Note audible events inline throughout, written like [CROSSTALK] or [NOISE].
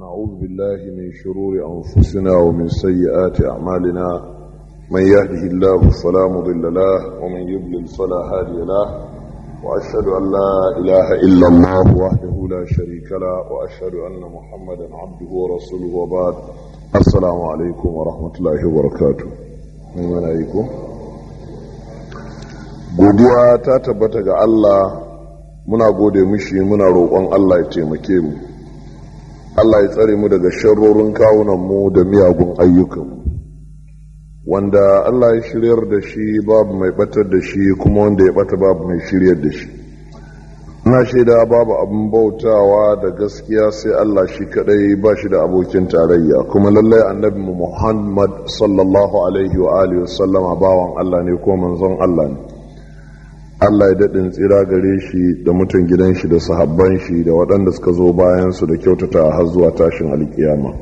ونعوذ بالله من شرور أنفسنا ومن سيئات أعمالنا من يهده الله فلا مضل له ومن يضلل فلا هادي له وأشهد أن لا إله إلا الله وحده لا شريك له وأشهد أن محمدا عبده ورسوله وبعد السلام عليكم ورحمة الله وبركاته من عليكم godiya ta tabbata ga Allah muna gode mishi muna roƙon Allah ya taimake mu Allah ya tsare mu daga sharrorin mu da miyagun ayyukanmu wanda Allah ya shiryar da shi babu mai batar da shi kuma wanda ya bata babu mai shiryar da shi na shaida babu abin bautawa da gaskiya sai Allah shi kadai ba shi da abokin tarayya kuma lallai annabi Muhammad sallallahu alaihi wa alihi wasallama bawan Allah ne ko manzon Allah ne Allah ya daɗin tsira gare shi da mutum gidan shi da sahabban shi da waɗanda suka zo bayan su da kyautata har zuwa tashin alƙiyama.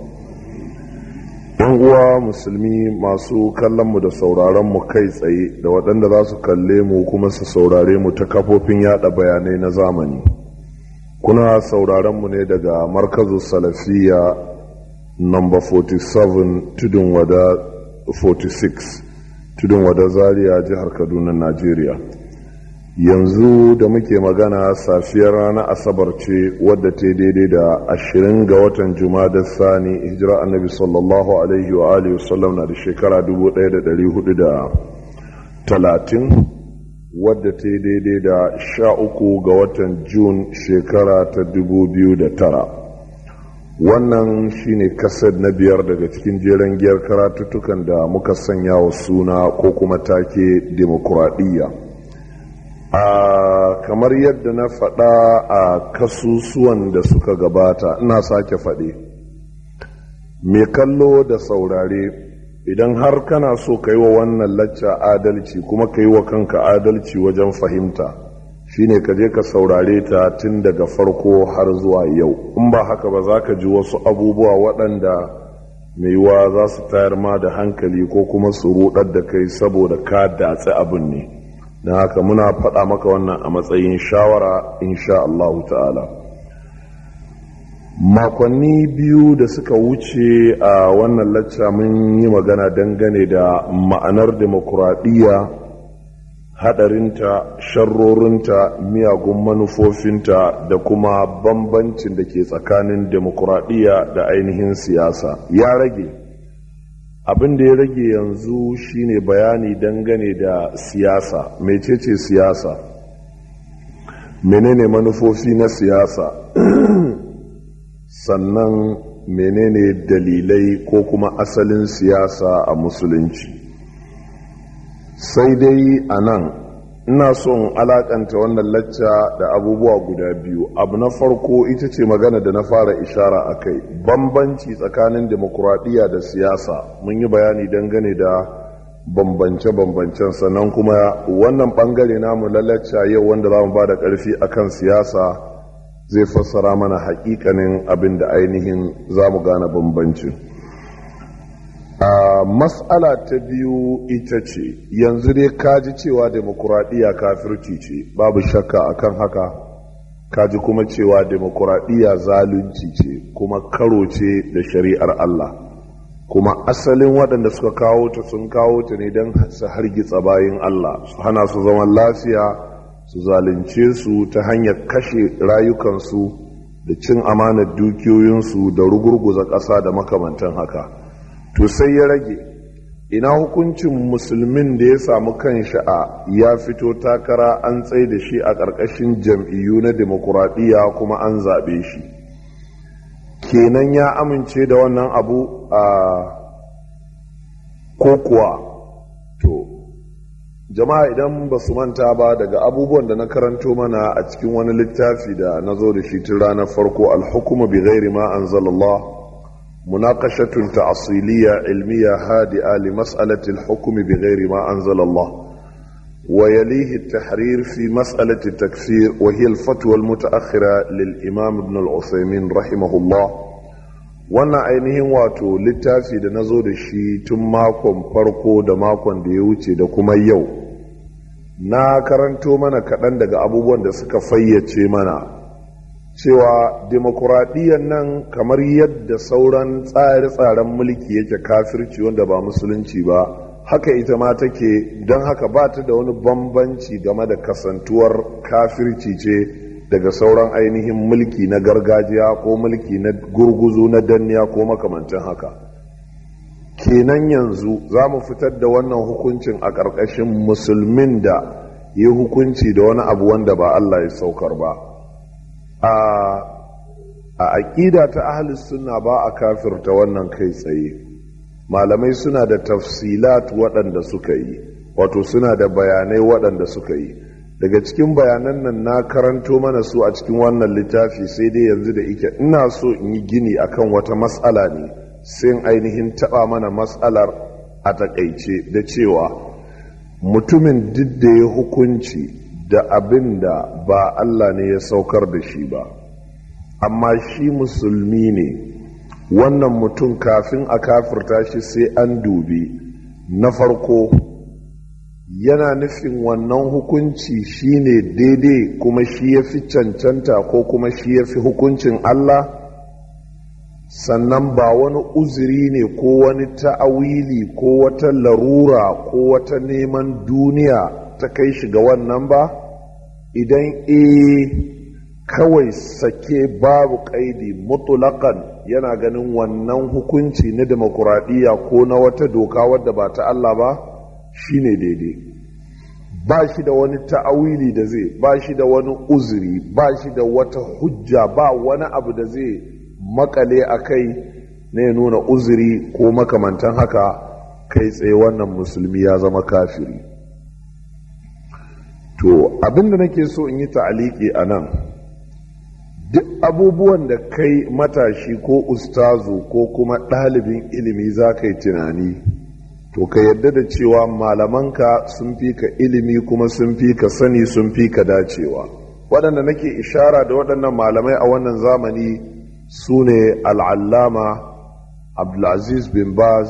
‘Yan uwa musulmi masu kallon mu da sauraron mu kai tsaye da waɗanda za su kalle mu kuma su saurare mu ta kafofin yaɗa bayanai na zamani. Kuna mu ne daga Markazu Salafiya No. 47 Tudun Wada 46 Tudun Wada Zaria jihar Kaduna, Najeriya. yanzu da muke magana safiyar rana asabar ce wadda ta daidai da ashirin ga watan da sani hijira annabi sallallahu alaihi wa alihi wasallam na da shekara 1430 wadda ta daidai da sha uku ga watan Jun shekara ta 2009 wannan shine kasar na biyar daga cikin jeren giyar karatuttukan da muka sanya wa suna ko kuma take demokuraɗiyya a kamar yadda na faɗa a kasusuwan da suka gabata ina sake faɗi mai kallo da saurare idan har kana so ka yi wa wannan lacca adalci kuma ka yi wa kanka adalci wajen fahimta shine ka je ka saurare ta tun daga farko har zuwa yau in ba haka ba za ka ji wasu abubuwa waɗanda maiwa za su tayar ma da hankali ko kuma su ruɗar da kai saboda ka datsi abin ne don haka muna faɗa maka wannan a matsayin shawara insha Allahu ta'ala makonni biyu da suka wuce a wannan lacca mun yi magana dangane da ma'anar demokuraɗiyya haɗarinta sharrorinta miyagun manufofinta da kuma bambancin da ke tsakanin demokuraɗiyya da ainihin siyasa ya rage abin da ya rage yanzu shine bayani dangane da siyasa mecece siyasa menene manufofi na siyasa [CLEARS THROAT] sannan menene dalilai ko kuma asalin siyasa a musulunci sai dai a nan ina son alakanta wannan lacca da abubuwa guda biyu abu na farko ita ce magana da na fara ishara a kai bambanci tsakanin demokuraɗiyya da siyasa mun yi bayani dangane da bambance-bambancen sannan kuma wannan bangare namu na lacca yau wanda za mu ba da ƙarfi a kan siyasa zai fassara mana haƙiƙanin abin da ainihin za mu gane bambancin masala ta biyu ita ce yanzu dai kaji cewa demokuraɗiyya kafirci ce babu shakka akan haka kaji kuma cewa demokuraɗiyya zalunci ce kuma karo ce da shari'ar Allah kuma asalin waɗanda suka kawo ta sun kawo ta ne don su hargitsa bayan Allah su hana su zama lafiya su zalunce su ta hanyar kashe rayukansu da cin amanar dukiyoyinsu da rugurguza ƙasa da makamantan haka. to sai ya rage ina hukuncin musulmin da ya samu kanshi a ya fito takara an tsaye da shi a ƙarƙashin jam'iyyu na demokuraɗiyya kuma an zaɓe shi kenan ya amince da wannan abu a kokuwa to jama'a idan ba su manta ba daga abubuwan da na karanto mana a cikin wani littafi da na zo da shi tun ranar farko alhukuma bi ghairi ma anzalallah مناقشة تعصيلية علمية هادئة لمسألة الحكم بغير ما أنزل الله ويليه التحرير في مسألة التكفير وهي الفتوى المتأخرة للإمام ابن العثيمين رحمه الله وانا عينه واتو للتافي نزور الشي ثم كن فرقو دما كن ديوتي دكما يو نا كرنتو منا كتندق أبو بوان دسك فيتي منا cewa demokuraɗiyyar nan kamar yadda sauran tsare-tsaren mulki yake kafirci wanda ba musulunci ba haka ita ma take don haka ba ta da wani bambanci game da kasantuwar kafirci ce daga sauran ainihin mulki na gargajiya ko mulki na gurguzu na danniya ko makamantan haka kenan yanzu za mu fitar da wannan hukuncin a ƙarƙashin musulmin da ya hukunci da wani abu wanda ba Allah ya saukar ba. a aƙida ta ahalis suna ba a kafirta wannan kai tsaye malamai suna da tafsilat waɗanda suka yi wato suna da bayanai waɗanda suka yi daga cikin bayanan nan na karanto mana su a cikin wannan littafi sai dai yanzu da ike ina so in yi gini akan wata matsala ne sai ainihin taɓa mana matsalar a taƙaice da cewa mutumin duk da ya hukunci da abin da ba Allah ne ya saukar da shi ba amma shi musulmi ne wannan mutum kafin a kafirta shi sai an dubi na farko yana nufin wannan hukunci shi ne daidai kuma shi ya fi cancanta ko kuma shi ya fi hukuncin Allah sannan ba wani uzuri ne ko wani ta'awili ko wata larura ko wata neman duniya ta kai shi ga wannan ba idan e kawai sake babu kaidi mutulakan yana ganin wannan hukunci na demokuraɗiyya ko na wata doka wadda ba ta Allah ba shi ne daidai ba shi da wani ta'awili da zai ba shi da wani uzuri ba shi da wata hujja ba wani abu da zai makale a kai na ya nuna uzuri ko makamantan haka kai tsaye wannan musulmi ya zama kafiri to abinda nake so in yi ta'aliki a nan duk abubuwan da kai matashi ko ustazu ko kuma ɗalibin ilimi za ka yi tunani to ka yadda da cewa malamanka sun fi ka ilimi kuma sun fi ka sani sun fi ka dacewa waɗanda nake ishara da waɗannan malamai a wannan zamani su ne al'allama abdulaziz bin baz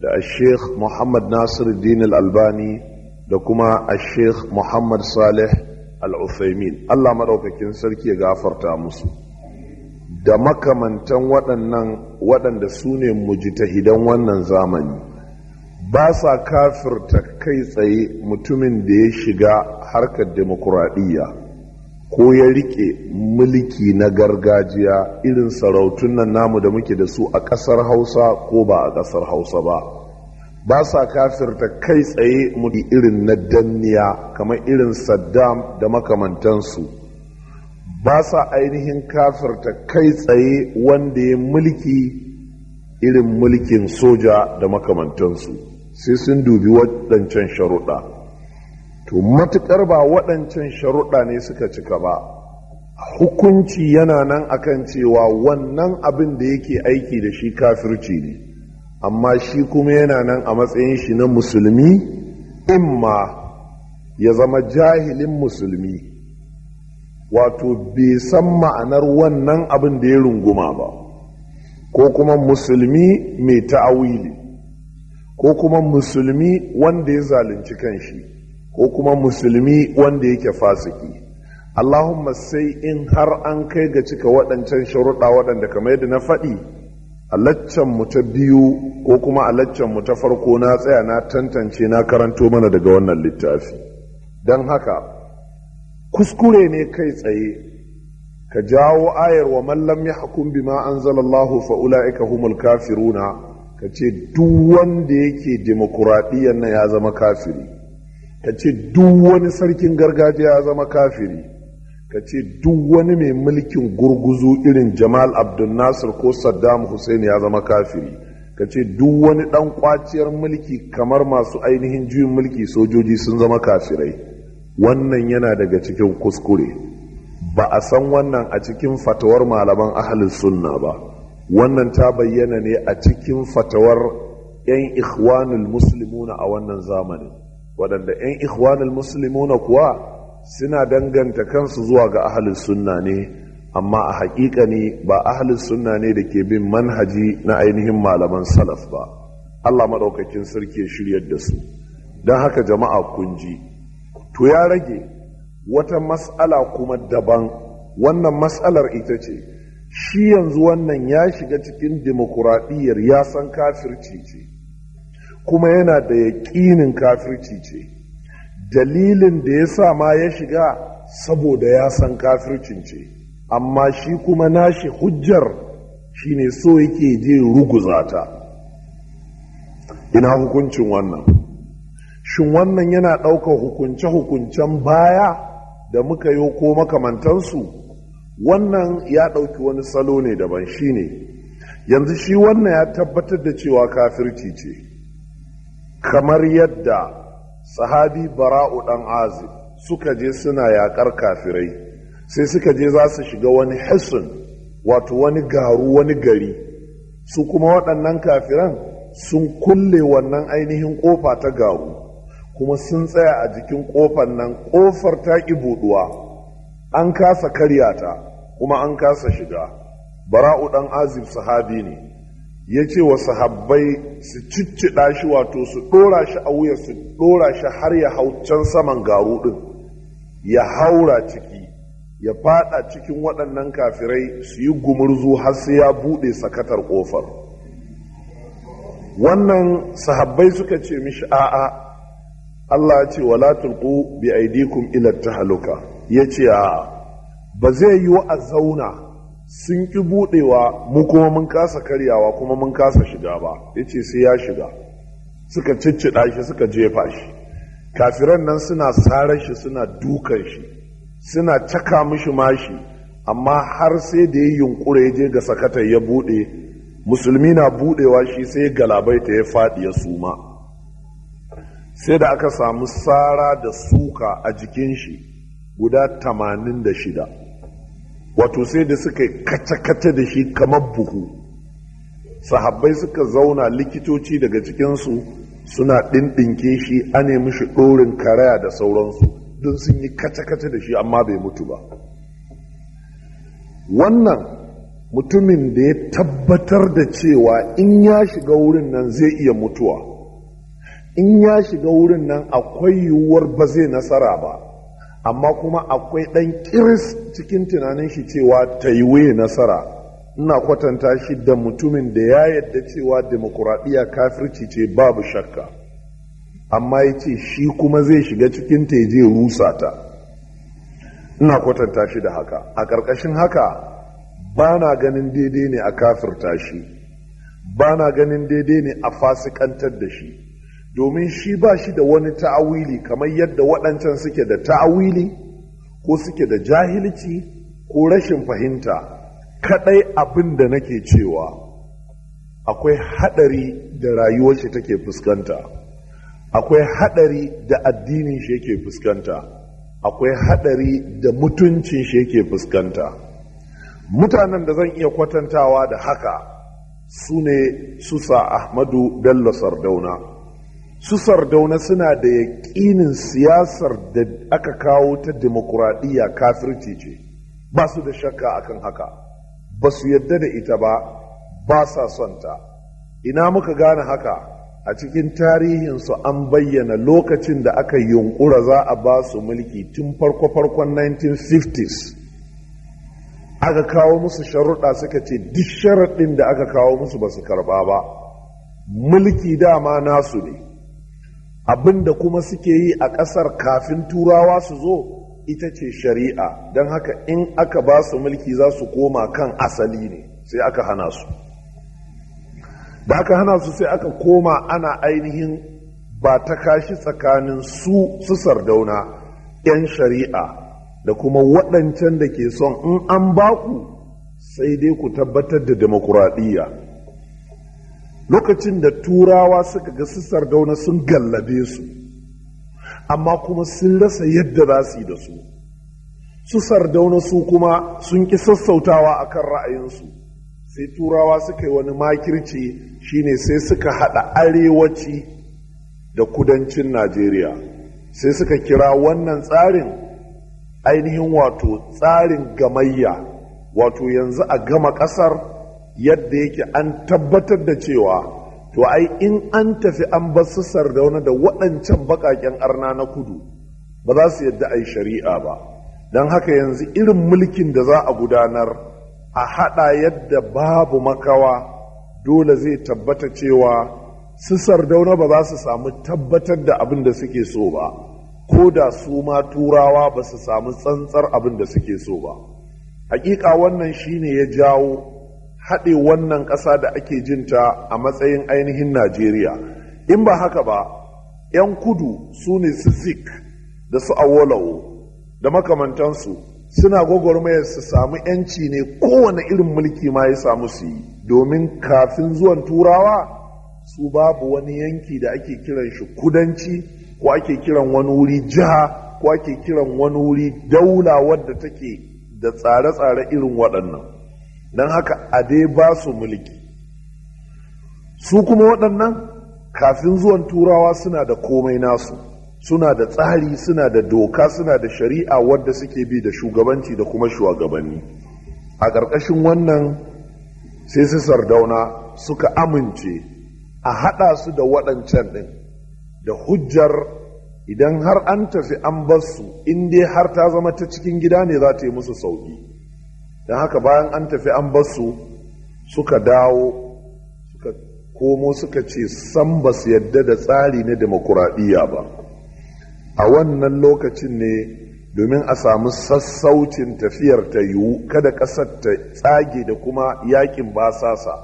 da sheikh muhammad nasiru albani da kuma a sheikh muhammad salih al-uthaymin allah maɗaukakin sarki ya gafarta musu da makamantan waɗannan waɗanda su ne hidan wannan zamani ba sa kafirta kai tsaye mutumin da ya shiga harkar demokuraɗiyya ko ya riƙe mulki na gargajiya irin sarautun nan namu da muke da su a ƙasar hausa ko ba a ƙasar hausa ba ba sa kafirta kai tsaye mutu irin na danniya kamar irin saddam da makamantansu ba sa ainihin kafirta kai tsaye wanda ya mulki irin mulkin soja da makamantansu sai sun dubi waɗancan sharuɗa to matuƙar ba waɗancan sharuɗa ne suka cika ba hukunci yana nan akan cewa wannan abin da yake aiki da shi kafirci ne amma shi kuma yana nan a matsayin shi na musulmi imma ya zama jahilin musulmi wato bai san ma'anar wannan abin da ya runguma ba ko kuma musulmi mai ta'awili ko kuma musulmi wanda ya zalunci kan shi ko kuma musulmi wanda yake fasiki Allahumma sai in har an kai ga cika waɗancan sharuɗa waɗanda kamar yadda na faɗi a mu ta biyu ko kuma a mu ta farko na tsaya na tantance na karanto mana daga wannan littafi don haka kuskure ne kai tsaye ka jawo ayar wa mallam ya hakun ma an zalallahu ika humul kafiruna ka ce duk wanda yake demokuraɗiyyar nan ya zama kafiri ka ce duk wani sarkin gargajiya ya zama kafiri ka ce duk wani mai mulkin gurguzu irin jamal abdul nasir ko saddam hussein ya zama kafiri ka ce duk wani dan kwaciyar mulki kamar masu ainihin juyin mulki sojoji sun zama kafirai wannan yana daga cikin kuskure ba a san wannan a cikin fatawar malaman ahalin sunna ba wannan ta bayyana ne a cikin fatawar 'yan ikhwanul muslimuna a wannan zamanin waɗanda 'yan ikhwanul muslimuna kuwa suna danganta kansu zuwa ga ahalin sunna ne amma a haƙiƙa ne ba ahalin sunna ne da ke bin manhaji na ainihin malaman salaf ba allah maɗaukakin sarki ya shiryar da su don haka jama'a kunji to ya rage wata mas'ala kuma daban wannan mas'alar ita ce shi yanzu wannan ya shiga cikin dimokuraɗiyyar ya san kafirci ce kuma yana da yaƙinin kafirci ce dalilin da ya sa ma ya shiga saboda ya san kafircin ce amma shi kuma nashi hujjar shi ne so yake je ruguza ta ina hukuncin wannan shin wannan yana ɗaukar hukunce-hukuncen baya da muka yi ko makamantansu wannan ya ɗauki wani salo ne daban shine yanzu shi wannan ya tabbatar da cewa kafirci ce kamar yadda sahabi bara'u dan azib suka je suna yakar kafirai sai suka je za su shiga wani hisun wato wani garu wani gari su kuma waɗannan kafiran sun kulle wannan ainihin ƙofa ta garu kuma sun tsaya a jikin ƙofar nan ƙofar ta buɗuwa an kasa karyata kuma an kasa shiga bara'u ɗan azib sahabi ne ya ce wa sahabbai su cicciɗa shi wato su ɗora shi a wuya su ɗora shi har ya hau can saman garu ɗin ya haura ciki ya fada cikin waɗannan kafirai su yi gumurzu har sai ya buɗe sakatar ƙofar wannan sahabbai suka ce mishi a'a Allah ce wala tulqu bi aidikum ila Ya yace a ba zai yi wa a zauna sun ƙi buɗewa mu kuma mun kasa karyawa kuma mun kasa shiga ba ya ce sai ya shiga suka ciccida shi suka jefa shi kafiran nan suna sarar shi suna dukan shi suna caka mishi mashi amma har sai da ya yunkura ya je ga sakatar ya buɗe musulmi na buɗewa shi sai galabai ta ya faɗi ya suma sai da aka samu sara da suka a jikin shi guda tamanin da shida wato sai da suka yi kace-kace da shi kamar buhu sahabbai suka zauna likitoci daga cikinsu suna ɗinɗinke shi a nemi shi ɗorin karaya da sauransu don sun yi kace-kace da shi amma bai mutu ba wannan mutumin da ya tabbatar da cewa in ya shiga wurin nan zai iya mutuwa in ya shiga wurin nan akwai yiwuwar ba zai nasara ba amma kuma akwai ɗan kiris cikin tunanin shi cewa ta yi nasara ina kwatanta shi da mutumin da ya yadda cewa demokuraɗiyya kafirci ce babu shakka amma ya ce shi kuma zai shiga cikin ta je rusa ta ina kwatanta shi da haka a ƙarƙashin haka ba na ganin daidai ne a kafirta shi ba na ganin daidai ne a fasikantar da shi domin shi ba shi da wani ta'awili kamar yadda waɗancan suke da ta'awili ko suke da jahilci ko rashin fahimta kaɗai abin da nake cewa akwai haɗari da rayuwar shi take fuskanta akwai haɗari da addinin shi yake fuskanta akwai haɗari da mutuncin shi yake fuskanta mutanen da zan iya kwatantawa da haka su ne susa ahmadu bello sardauna su sardauna suna da yaƙinin siyasar da aka kawo ta demokuraɗiyya kafirci ce ba su da shakka akan haka ba su yadda da ita ba ba sa son ta ina muka gane haka a cikin tarihinsu an bayyana lokacin da aka yunkura za a ba su mulki tun farko-farkon 1950s aka kawo musu sharuɗa suka ce duk sharaɗin da aka kawo musu ba su karɓa ba mulki dama nasu ne abinda kuma suke yi a ƙasar kafin turawa su zo ita ce shari'a don haka in aka ba su mulki za su koma kan asali ne sai aka hana su da aka hana su sai aka koma ana ainihin ba ta kashi tsakanin su su sardauna 'yan shari'a da kuma waɗancan da ke son in an baku sai dai ku tabbatar da demokuraɗiyya lokacin da turawa suka ga sissar sardauna sun gallabe su amma kuma sun rasa yadda za su yi da su su sardauna su kuma sun ki sassautawa a kan ra'ayinsu sai turawa suka yi wani makirci shine sai suka haɗa arewaci da kudancin najeriya sai suka kira wannan tsarin ainihin wato tsarin gamayya wato yanzu a gama ƙasar yadda yake an tabbatar da cewa to ai in an tafi an bar su sardauna da waɗancan baƙaƙen arna na kudu ba za su yadda ai shari'a ba don haka yanzu irin mulkin da za a gudanar a haɗa yadda babu makawa dole zai tabbata cewa su sardauna ba za su samu tabbatar da abin da suke so ba ko da su ma turawa ba su samu tsantsar abin da suke so ba hakika wannan shine ya jawo haɗe wannan ƙasa da ake jinta a matsayin ainihin najeriya in ba haka ba 'yan kudu su ne su zik da su awolawo da makamantansu suna gwagwarmayar su samu 'yanci ne kowane irin mulki ma ya samu su yi domin kafin zuwan turawa su babu wani yanki da ake kiran shi kudanci ko ake kiran wani wuri jiha ko ake kiran wani wuri daula wadda take da tsare-tsare irin waɗannan don haka a dai ba su mulki su kuma waɗannan kafin zuwan turawa suna da komai nasu suna da tsari suna da doka suna da shari'a wadda suke bi da shugabanci da kuma shugabanni a ƙarƙashin wannan sai su sardauna suka amince a haɗa su da waɗancan ɗin da hujjar idan har an tafi an bar su in dai har ta zama ta cikin gida ne za ta yi musu sauƙi don haka bayan an tafi an basu suka dawo suka komo suka ce san ba su yadda da tsari na demokuraɗiyya ba a wannan lokacin ne domin a samu sassaucin tafiyar ta yiwu kada ƙasar ta tsage da kuma yakin basasa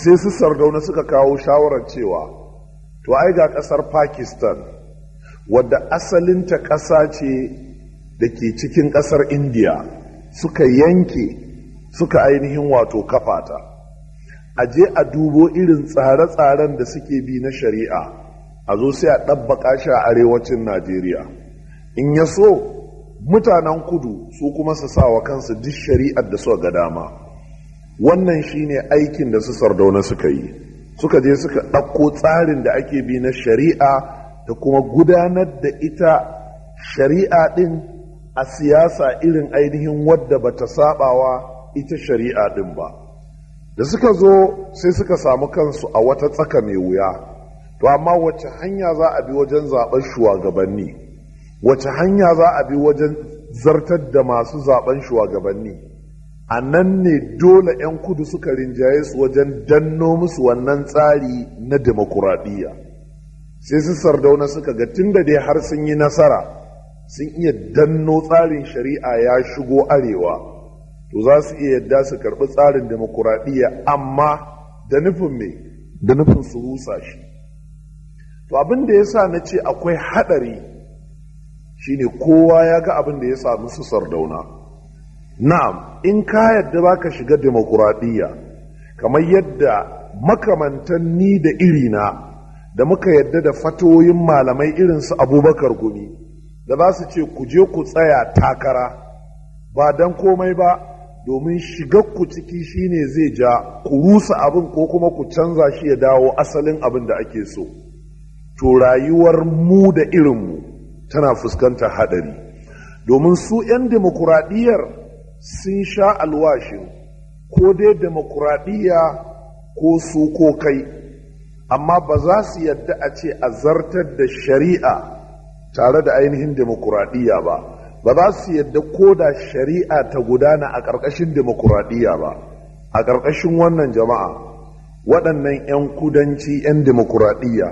sai su sardauna suka kawo shawarar cewa to ai ga ƙasar pakistan wadda asalinta ƙasa ce da ke cikin ƙasar indiya suka yanke suka ainihin wato kafata a je a dubo irin tsare-tsaren da suke bi na shari'a a zo sai a ɗabbaƙa shi a arewacin najeriya in ya so mutanen kudu su kuma su sa wa kansu duk shari'ar da suka ga dama wannan shine aikin da su sardauna suka yi suka je suka ɗauko tsarin da ake bi na shari'a da kuma gudanar da ita shari'a ɗin a siyasa irin ainihin wadda bata ta sabawa ita shari'a din ba da suka zo sai suka samu kansu a wata tsaka mai wuya to amma wace hanya za a bi wajen zaben shugabanni wace hanya za a bi wajen zartar da masu zaɓen shugabanni a nan ne dole 'yan kudu suka rinjaye su wajen danno musu wannan tsari na demokuraɗiyya sai su sardauna suka ga tun da dai har sun yi nasara sun iya danno tsarin shari'a ya shigo arewa to za su iya yadda su karɓi tsarin demokuraɗiyya amma da nufin me da nufin su rusa shi to abin da ya sa na ce akwai haɗari shine kowa ya ga abin da ya samu su sardauna na'am in ka yadda ba ka shiga demokuraɗiyya kamar yadda makamantan ni da irina da muka yadda da fatoyin malamai irinsu abubakar gumi da za su ce ku je ku tsaya takara ba don komai ba domin ku ciki shine zai ja ku rusa abin ko kuma ku canza shi ya dawo asalin abin da ake so to rayuwar mu da irinmu tana fuskantar hadari domin su 'yan demokuraɗiyyar sun sha alwashin ko dai demokuraɗiyya ko su ko kai amma ba za su yadda a ce a zartar da shari'a tare da ainihin demokuraɗiyya ba ba za su yadda ko da shari'a ta gudana a ƙarƙashin demokuraɗiyya ba a ƙarƙashin wannan jama'a waɗannan 'yan kudanci 'yan demokuraɗiyya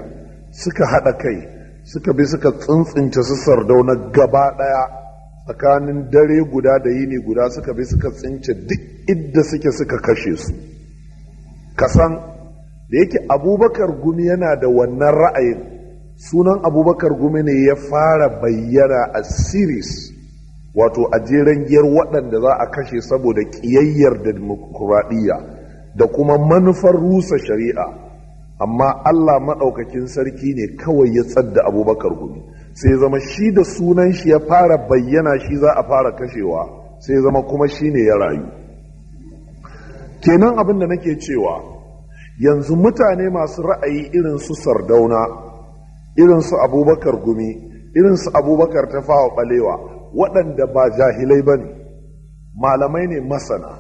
suka haɗa kai suka bi suka tsintsince su sardauna gaba ɗaya tsakanin dare guda da yini guda suka bi suka tsince duk idda suke suka kashe su kasan da yake abubakar gumi yana da wannan ra'ayin sunan abubakar gumi ne ya fara bayyana a series wato a jeren giyar waɗanda za a kashe saboda ƙiyayyar da demokuraɗiyya da kuma manufar rusa shari'a amma allah maɗaukakin sarki ne kawai ya tsadda abubakar gumi sai zama shi da sunan shi ya fara bayyana shi za a fara kashewa sai zama kuma shi ne ya rayu kenan abin da nake cewa yanzu mutane masu ra'ayi irin su sardauna irin su abubakar gumi irin su abubakar ta fawa balewa waɗanda ba jahilai ba ne malamai ne masana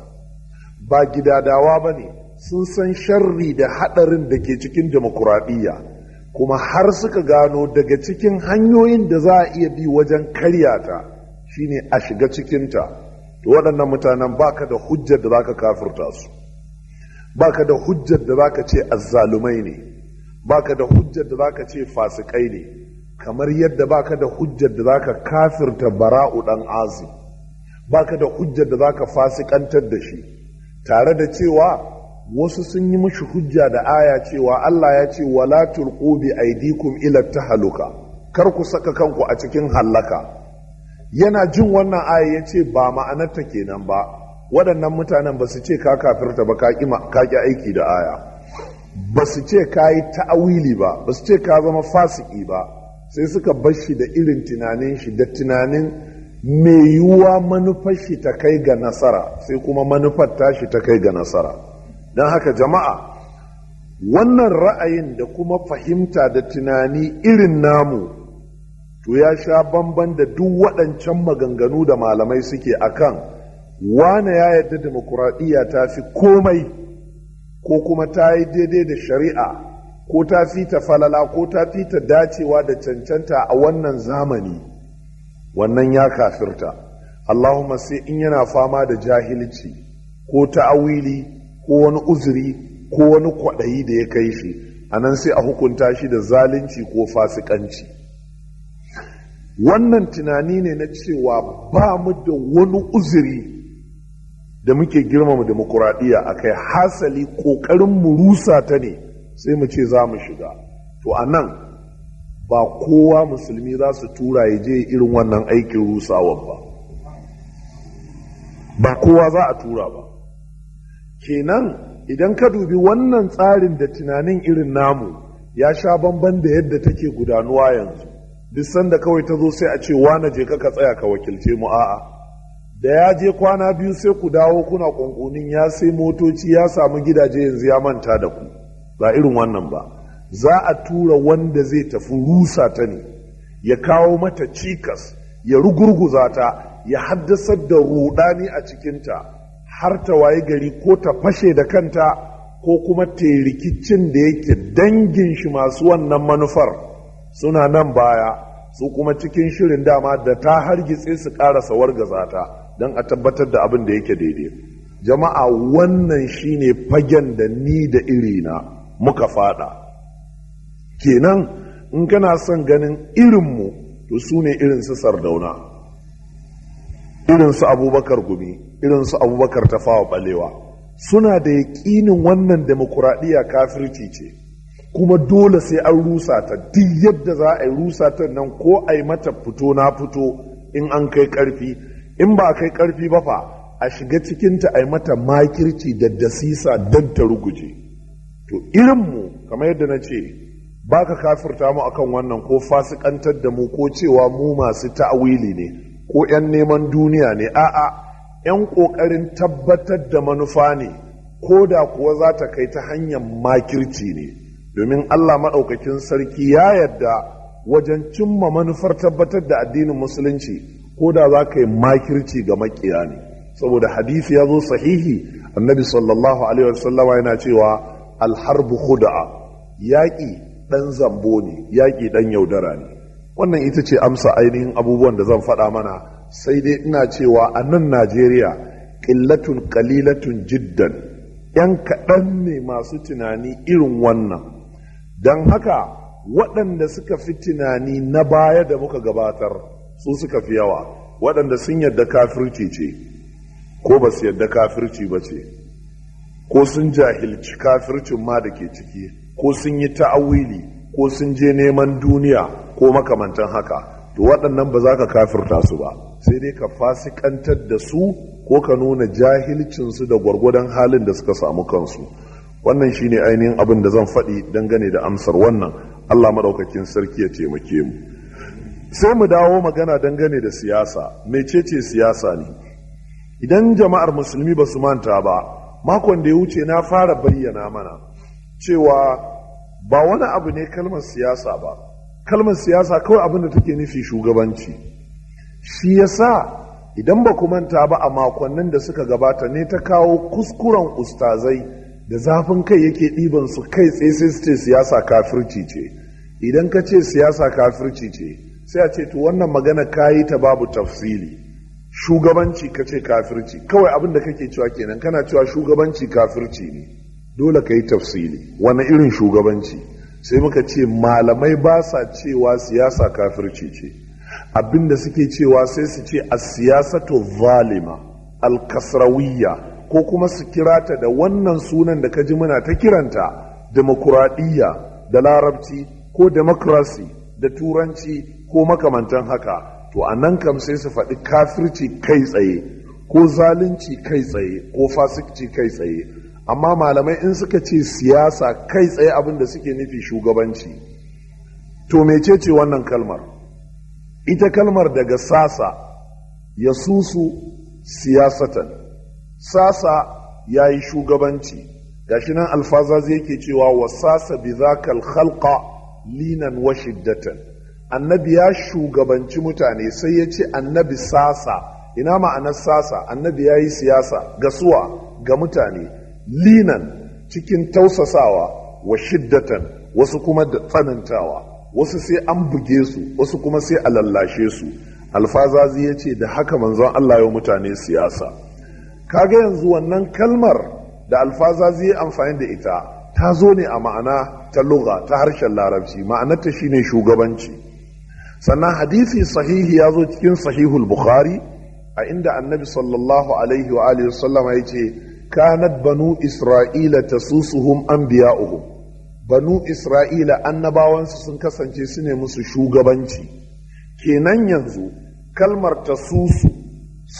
ba gidadawa ba ne sun san sharri da haɗarin da ke cikin demokuraɗiyya kuma har suka gano daga cikin hanyoyin da za a iya bi wajen karya ta shine a shiga cikinta to waɗannan mutanen baka da hujjar da za ka kafirta su baka da hujjar da za ka ce azzalumai ne baka da hujjar da zaka ce fasikai ne kamar yadda baka da hujjar da zaka kafirta bara'u dan azib baka da hujjar da zaka fasikantar da shi tare da cewa wasu sun yi mishi hujja da aya cewa Allah ya ce wala tulqu bi aidikum ila tahaluka kar ku saka kanku a cikin hallaka yana jin wannan aya ya ce ba ma'anarta kenan ba waɗannan mutanen ba su ce ka kafirta ba ka ƙi aiki da aya ba su ce ka yi ta'awili ba ba su ce ka zama fasiki ba sai suka bar shi da irin tunanin shi da tunanin mai yiwuwa manufar shi ta kai ga nasara sai kuma manufar tashi ta kai ga nasara don haka jama'a wannan ra'ayin da kuma fahimta da tunani irin namu to ya sha bamban da duk waɗancan maganganu da malamai suke akan wane ya yarda demokuraɗiyya ta fi komai ko kuma ta yi daidai da shari'a ko ta fita falala ko ta fita dacewa da cancanta a wannan zamani wannan ya kafirta allahumma sai in yana fama da jahilci ko ta'awili ko wani uzuri ko wani kwaɗayi da ya kai shi a nan sai a hukunta shi da zalunci ko fasikanci wannan tunani ne na cewa ba mu da wani uzuri da muke girmama demokuraɗiyya a kai hasali ƙoƙarin mu rusa ta ne sai mu ce za mu shiga to a nan ba kowa musulmi za su tura ya je irin wannan aikin rusawa ba ba kowa za a tura ba kenan idan ka dubi wannan tsarin da tunanin irin namu ya sha bamban da yadda take gudanuwa yanzu duk sanda kawai ta zo sai a ce na je ka tsaya ka wakilce mu a'a da ya je kwana biyu sai ku dawo kuna kunkunin ya sai motoci ya samu gidaje yanzu ya manta da ku ba irin wannan ba za a tura wanda zai tafi rusa ta ne ya kawo mata cikas ya rugurguza ta ya haddasar da rudani a cikinta har ta waye gari ko ta fashe da kanta ko kuma ta rikicin da yake dangin shi masu wannan manufar suna nan baya su kuma cikin shirin dama da ta hargitse su ƙarasa wargaza zata don a tabbatar da abin da yake daidai jama'a wannan shine fagen da ni da irina muka fada kenan in kana son ganin irinmu to su ne irinsu sardauna irinsu abubakar gumi irinsu abubakar tafawa balewa suna da yaƙinin wannan demokuraɗiyya kafirci ce kuma dole sai an rusa ta duk yadda za a yi rusa ta nan ko a yi mata fito na fito in an kai ƙarfi in ba kai karfi ba fa a shiga cikinta a yi mata makirci da dasisa don ta ruguje to irinmu kamar yadda na ce ba ka kafirta mu akan wannan ko fasikantar da mu ko cewa mu masu ta'awili ne ko 'yan neman duniya ne a'a 'yan ƙoƙarin tabbatar da manufa ne ko da kuwa za ta kai ta hanyar makirci ne domin allah maɗaukakin sarki ya yarda wajen cimma manufar tabbatar da addinin musulunci ko da za ka yi makirci ga makiya ne saboda hadisi ya zo sahihi annabi sallallahu alaihi wasallama yana cewa alharbu huda'a yaƙi ɗan zambo ne yaƙi ɗan yaudara ne wannan ita ce amsa ainihin abubuwan da zan faɗa mana sai dai ina cewa a nan najeriya ƙillatun ƙalilatun jiddan 'yan kaɗan ne masu tunani irin wannan don haka waɗanda suka fi tunani na baya da muka gabatar su suka fi yawa waɗanda sun yadda kafirci ce ko ba su yadda kafirci ba ce ko sun jahilci kafircin ma da ke ciki ko sun yi ta'awili ko sun je neman duniya ko makamantan haka to waɗannan ba za ka kafirta su ba sai dai ka fasikantar da su ko ka nuna jahilcinsu da gwargwadon halin da suka samu kansu wannan shine ainihin abin da zan faɗi dangane da amsar wannan allah maɗaukakin sarki ya taimake mu sai mu dawo magana dangane da siyasa ce siyasa ne idan jama'ar musulmi ba su manta ba makon da ya wuce na fara bayyana mana cewa ba wani abu ne kalmar siyasa ba kalmar siyasa kawai abin da take nufi shugabanci shi yasa idan ba ku manta ba a makonnin da suka gabata ne ta kawo kuskuren ustazai da zafin kai yake ɗiban su kai tsaye sai su ce siyasa kafirci ce idan ka ce siyasa kafirci ce sai a ce to wannan magana kayi ta babu tafsili shugabanci ka ce kafirci kawai abin da kake cewa kenan kana cewa shugabanci kafirci ne dole ka yi tafsili wani irin shugabanci sai muka ce malamai ba sa cewa siyasa kafirci ce abinda suke cewa sai su ce a siyasa to zalima Alkasrawiya ko kuma su kira ta da wannan sunan da ka ji muna ta kiranta demokuraɗiyya da larabci ko demokrasi da turanci ko makamantan haka to a nan kam sai su faɗi kafirci kai tsaye ko zalunci kai tsaye ko fasikci kai tsaye amma malamai in suka ce siyasa kai tsaye abin da suke nufi shugabanci to ce wannan kalmar ita kalmar daga sasa ya susu siyasatan sasa ya yi shugabanci gashi nan alfaza alfazazi yake cewa sasa bi zakal khalqa linan wa shiddatan annabi ya shugabanci mutane sai ya ce annabi sasa ina ma'anar sasa annabi ya yi siyasa ga suwa ga mutane linan cikin tausasawa wa shiddatan wasu kuma da tsanantawa wasu sai an buge su wasu kuma sai a lallashe su alfazazi ya ce da haka manzon Allah ya mutane siyasa kaga yanzu wannan kalmar da alfazazi ya amfani da ita ta zo ne a ma'ana ta lugha ta harshen larabci ma'anarta shine shugabanci sannan hadisi sahihi ya zo cikin sahihul bukhari a inda annabi sallallahu alaihi wa alihi sallama ya ce kanat banu isra'ila biya anbiya'uhum banu isra'ila annabawansu sun kasance su ne musu shugabanci kenan yanzu kalmar tasusu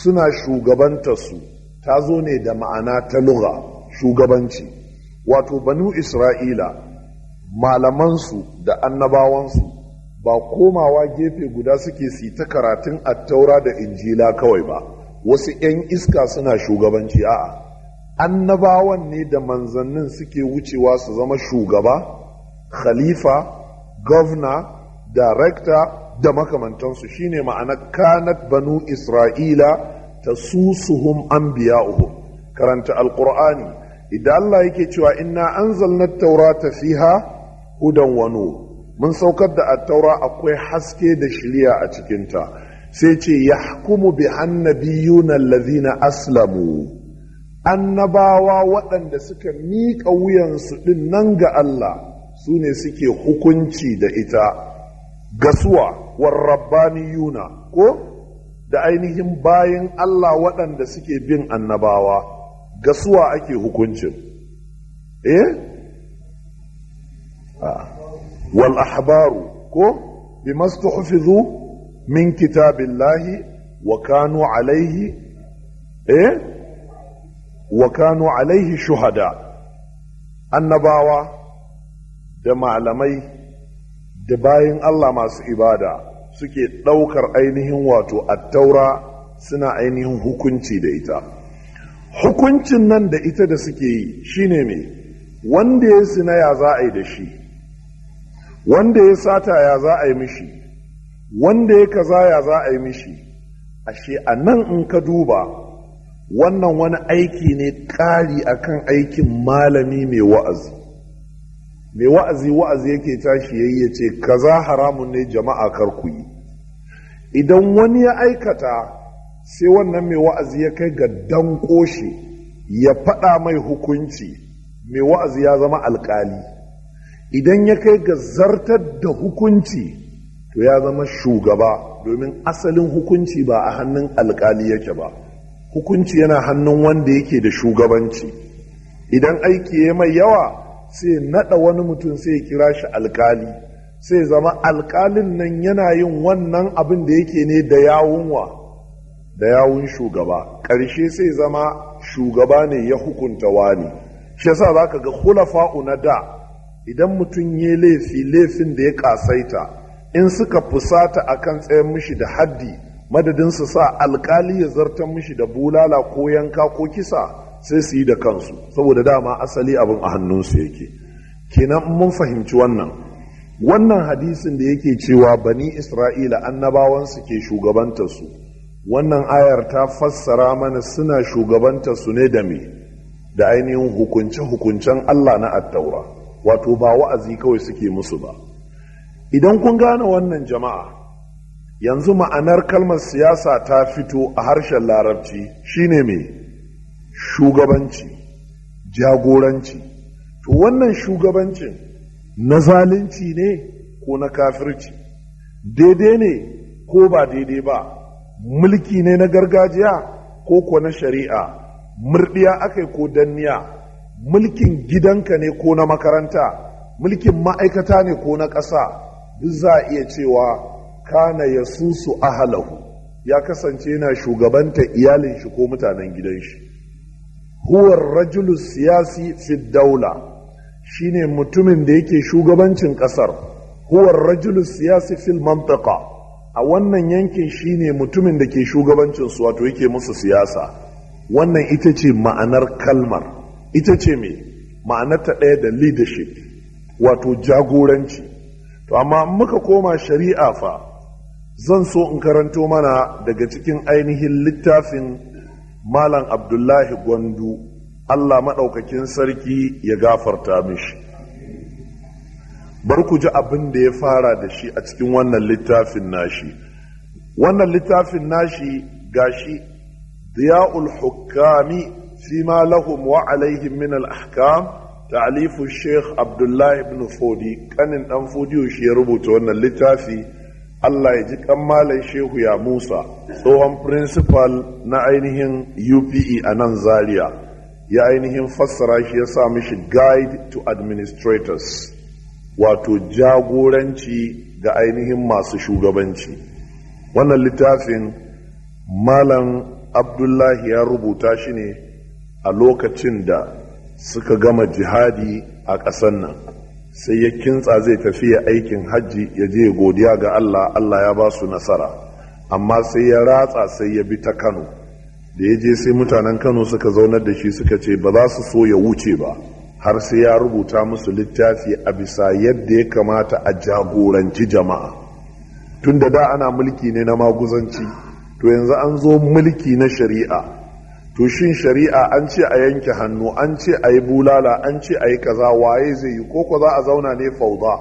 suna shugabanta su ta zo ne da ma'ana ta lura shugabanci wato banu isra'ila malamansu da annabawansu ba komawa gefe guda suke si ta karatun attaura da injila kawai ba wasu 'yan iska suna shugabanci a'a annabawan ne da manzannin suke wucewa su zama shugaba khalifa gwamna, director da makamantansu shine ma'ana kanat banu isra'ila ta biya anbiya'uhum karanta alkur'ani idan Allah yake cewa inna anzalna at-taurata fiha hudan wa nur mun saukar da attaura akwai haske da shirya a cikinta sai ce ya hukumu bi annabiyuna lazina aslamu annabawa waɗanda suka miƙa wuyansu ɗin nan ga Allah su ne suke hukunci da ita gasuwa warrabbaniyuna ko da ainihin bayan Allah waɗanda suke bin annabawa gasuwa ake hukuncin eh ah. wal ahbaru ko bimastuhfizu min kitabillahi wa kanu alaihi eh wa shuhada annabawa da malamai da bayan Allah masu ibada suke ɗaukar ainihin wato attaura suna ainihin hukunci da ita hukuncin nan da ita da suke yi shine ne wanda ya sinaya za a yi da shi wanda ya sata ya za a yi mishi wanda ya kaza ya za a yi mishi ashe a nan in ka duba wannan wani aiki ne ƙari akan aikin malami mai wa'azi mai wa'azi wa'azi yake tashi yayi ya ce kaza haramun ne jama'a kar ku yi idan wani ya aikata sai wannan mai wa'azi ya kai ga dan ƙoshi ya faɗa mai hukunci mai wa'azi ya zama alƙali idan ya kai ga zartar da hukunci to ya zama shugaba domin asalin hukunci ba a hannun alkali yake ba hukunci yana hannun wanda yake da shugabanci idan aiki ya mai yawa sai nada wani mutum sai ya kira shi alkali sai zama alkalin nan yana yin wannan abin da yake ne da yawunwa da yawun shugaba ƙarshe sai zama shugaba ne ya hukunta wani shi yasa ka ga hulafa'u na da idan mutum ya laifi laifin da ya kasaita in suka fusata akan tsayen mishi da haddi madadin su sa alkali ya zartar mishi da bulala ko yanka ko kisa sai su yi da kansu saboda dama asali abin a hannunsu yake kenan mun fahimci wannan wannan hadisin da yake cewa bani isra'ila annabawansu ke shugabantarsu wannan ayar ta fassara mana suna shugabantarsu ne da me da ainihin hukunce-hukuncen allah na attaura wato ba wa'azi kawai suke musu ba idan kun gane wannan jama'a yanzu ma'anar kalmar siyasa ta fito a harshen larabci shine mai shugabanci jagoranci to wannan shugabancin na zalunci ne ko na kafirci daidai ne ko ba daidai ba mulki ne na gargajiya ko ko na shari'a murdiya akai ko danniya mulkin gidanka ne ko na makaranta mulkin ma'aikata ne ko na ƙasa duk za a iya cewa kana ya susu ahalahu ya kasance yana shugabanta iyalin shi ko mutanen gidan shi huwar rajulu siyasi fi daula shine mutumin da yake shugabancin ƙasar huwar rajulu siyasi fil mantaka a wannan yankin shine mutumin da ke shugabancin su wato yake musu siyasa wannan ita ce ma'anar kalmar ita ce mai ma'anarta ɗaya da leadership wato jagoranci to amma muka koma shari'a fa zan so in karanto mana daga cikin ainihin littafin malam abdullahi gwandu allah maɗaukakin sarki ya gafarta mishi bar ku ji abin da ya fara da shi a cikin wannan littafin nashi wannan littafin nashi gashi diya'ul hukami فيما لهم وعليهم من الأحكام تعليف الشيخ عبد الله بن فودي كان shi ya rubuta wannan littafi. Allah ya ji kammalin Shehu ya Musa tsohon principal na ainihin UPE a nan Zaria ya ainihin fassara shi ya sa mishi guide to administrators wato jagoranci ga ainihin masu shugabanci wannan littafin Malam Abdullahi ya rubuta shi ne a lokacin da suka gama jihadi a ƙasar nan sai ya kintsa zai tafi ya aikin hajji ya je godiya ga Allah Allah ya ba su nasara amma sai ya ratsa sai ya bi ta Kano da ya je sai mutanen Kano suka zaunar da shi suka ce ba za su so ya wuce ba har sai ya rubuta musu littafi a bisa yadda ya kamata a jagoranci jama'a Tunda da ana mulki ne na maguzanci to yanzu an zo mulki na shari'a to shin shari'a an ce a yanke hannu an ce a yi bulala an ce a yi kaza waye zai yi ko ko za a zauna ne fauda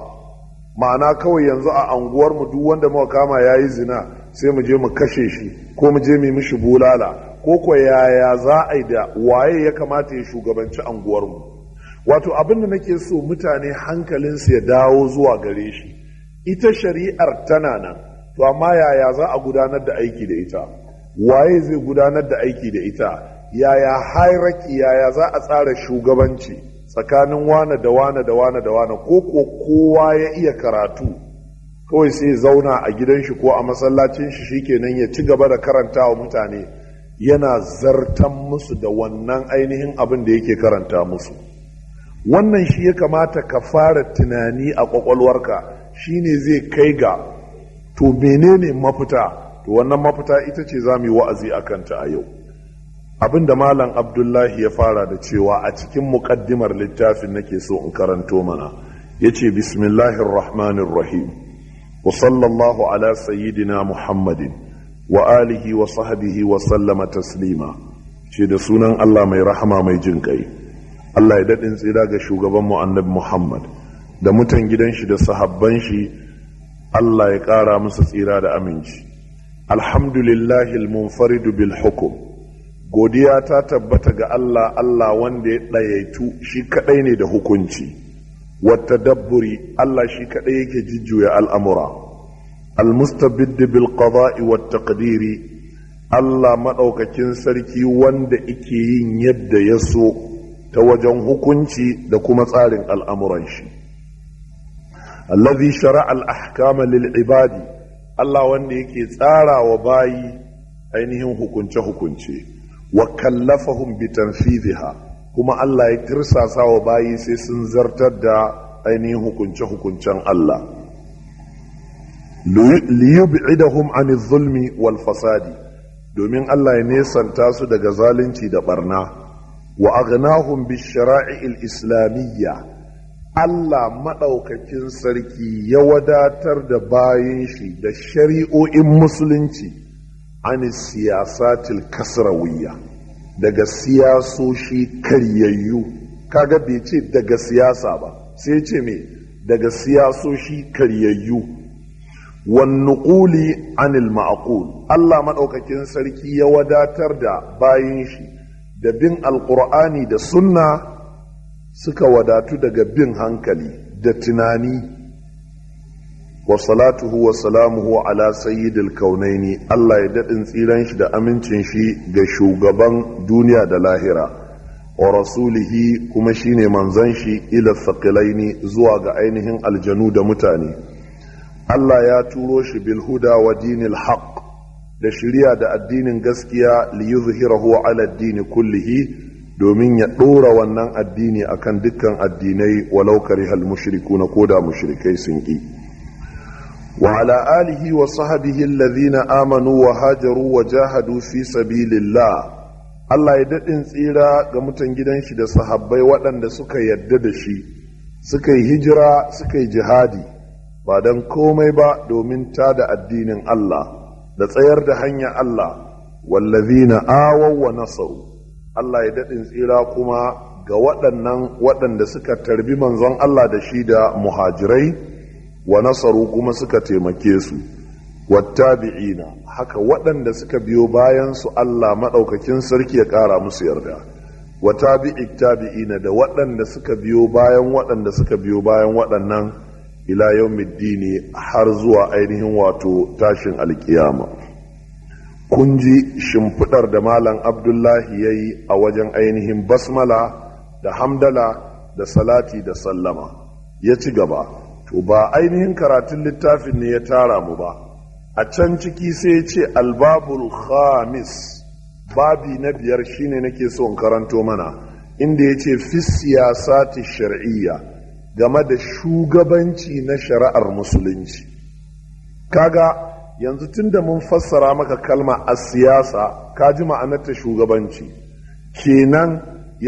ma'ana kawai yanzu a anguwar duk wanda muka kama yi zina sai mu je mu kashe shi ko mu je mu yi mishi bulala ko ko yaya za a yi da waye ya kamata ya shugabanci anguwar mu wato abin da nake so mutane hankalin su ya dawo zuwa gare shi ita shari'ar tana nan to amma yaya za a gudanar da aiki da ita waye zai gudanar da aiki da ita yaya hairaki yaya za a tsara shugabanci tsakanin wane da wane da wane da wane ko ko kowa ya iya karatu kawai sai zauna a gidan shi ko a masallacin shi shikenan ya ci gaba da karanta wa mutane yana zartan musu da wannan ainihin abin da yake karanta musu wannan shi ya kamata ka fara tunani a kwakwalwarka shine zai kai ga to menene mafita to wannan mafita ita ce za mu yi wa'azi a kanta a yau Abinda malam abdullahi ya fara da cewa a cikin muƙaddimar littafin nake so in karanto mana ya ce rahim wa sallallahu ala sayyidina muhammadin wa alihi wa sahbihi wa sallama taslima ce da sunan allah mai rahama mai jin kai allah ya daɗin tsira ga shugabanmu annabi muhammad da mutan gidan shi da sahabban shi allah ya ƙara musu tsira da aminci alhamdulillahi almunfaridu bil hukum godiya ta tabbata ga Allah Allah wanda ya ɗayaitu shi kaɗai ne da hukunci wata dabburi Allah shi kaɗai yake jijjuya al'amura almustabiddi bil qada'i wa taqdiri Allah maɗaukakin sarki wanda ike yin yadda ya so ta wajen hukunci da kuma tsarin al'amuran shi. Allazi shara al'ahkama lil ibadi Allah wanda yake tsara wa bayi ainihin hukunce-hukunce wa kallafahum bi tanfidhiha kuma Allah ya tirsasa wa bayi sai sun zartar da ainihin hukunce-hukuncen Allah liyub'idahum anil zulmi wal fasadi domin Allah ya nesanta su daga zalunci da barna wa aghnahum bi shara'i al islamiyya Allah maɗaukakin sarki ya wadatar da bayan shi da shari'o'in musulunci siyasa til kasarawiyya, daga siyasoshi karyayyu kaga bai ce daga siyasa ba sai ce me daga siyasoshi karyayyu ƙuli anil ma'aqul Allah maɗaukakin sarki ya wadatar da bayan shi da bin alƙur'ani da sunna suka wadatu daga bin hankali da tunani wa salatuhu wa salamuhu ala sayyidil kaunaini Allah ya daɗin tsiran shi da amincin shi ga shugaban duniya da lahira wa rasulihi kuma shine manzon shi ila saqilaini zuwa ga ainihin aljanu da mutane Allah ya turo shi bil huda wa dinil haqq da shirya da addinin gaskiya li yuzhirahu ala ad kullihi domin ya ɗora wannan addini akan dukkan addinai walau karihal mushrikuna ko da mushrikai sun ƙi wa ala alihi wa sahbihi alladhina amanu wa hajaru wa jahadu fi sabilillah Allah ya daɗin tsira ga mutan gidan shi da sahabbai waɗanda suka yadda da shi suka yi hijira suka yi jihadi ba don komai ba domin ta da addinin Allah da tsayar da hanyar Allah wallazina awaw wa nasaru Allah ya daɗin tsira kuma ga waɗannan waɗanda suka tarbi manzon Allah da shi da muhajirai wa nasaru kuma suka taimake su wattabi'ina haka waɗanda suka biyo bayan su Allah maɗaukakin sarki ya ƙara musu yarda wa tabi'ina da waɗanda suka biyo bayan waɗanda suka biyo bayan waɗannan ila middini har zuwa ainihin wato tashin alkiyama kun ji shimfiɗar da malam abdullahi ya yi a wajen ainihin basmala da hamdala da salati da sallama ya ci gaba to ba ainihin karatun littafin ne ya tara mu ba a can ciki sai ce albabul khamis babi na biyar shine nake so in karanto mana inda ya ce fi siyasati shar'iyya game da shugabanci na shari'ar musulunci kaga yanzu tun da mun fassara maka kalma a siyasa ka ji ma'anarta shugabanci kenan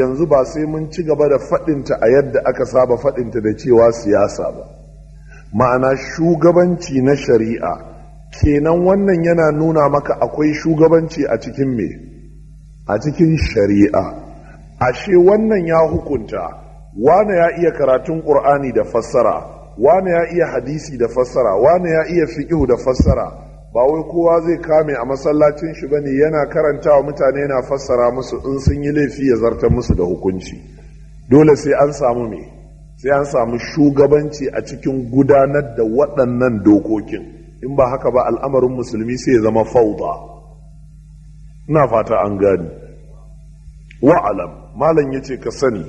yanzu ba sai mun ci gaba da faɗinta a yadda aka saba faɗinta da cewa siyasa ba ma'ana shugabanci na shari'a kenan wannan yana nuna maka akwai shugabanci a cikin me a cikin shari'a ashe wannan ya hukunta wane ya iya karatun ƙur'ani da fassara wane ya iya hadisi da fassara wane ya iya fiƙihu da fassara ba wai kowa zai kame a masallacin shi bane yana karantawa mutane yana fassara musu in sun yi laifi ya zartar musu da hukunci dole sai an samu me sai an samu shugabanci a cikin gudanar da waɗannan dokokin in ba haka ba al'amarin musulmi sai ya zama fauda ina fata an gani wa'alam malam yace ka sani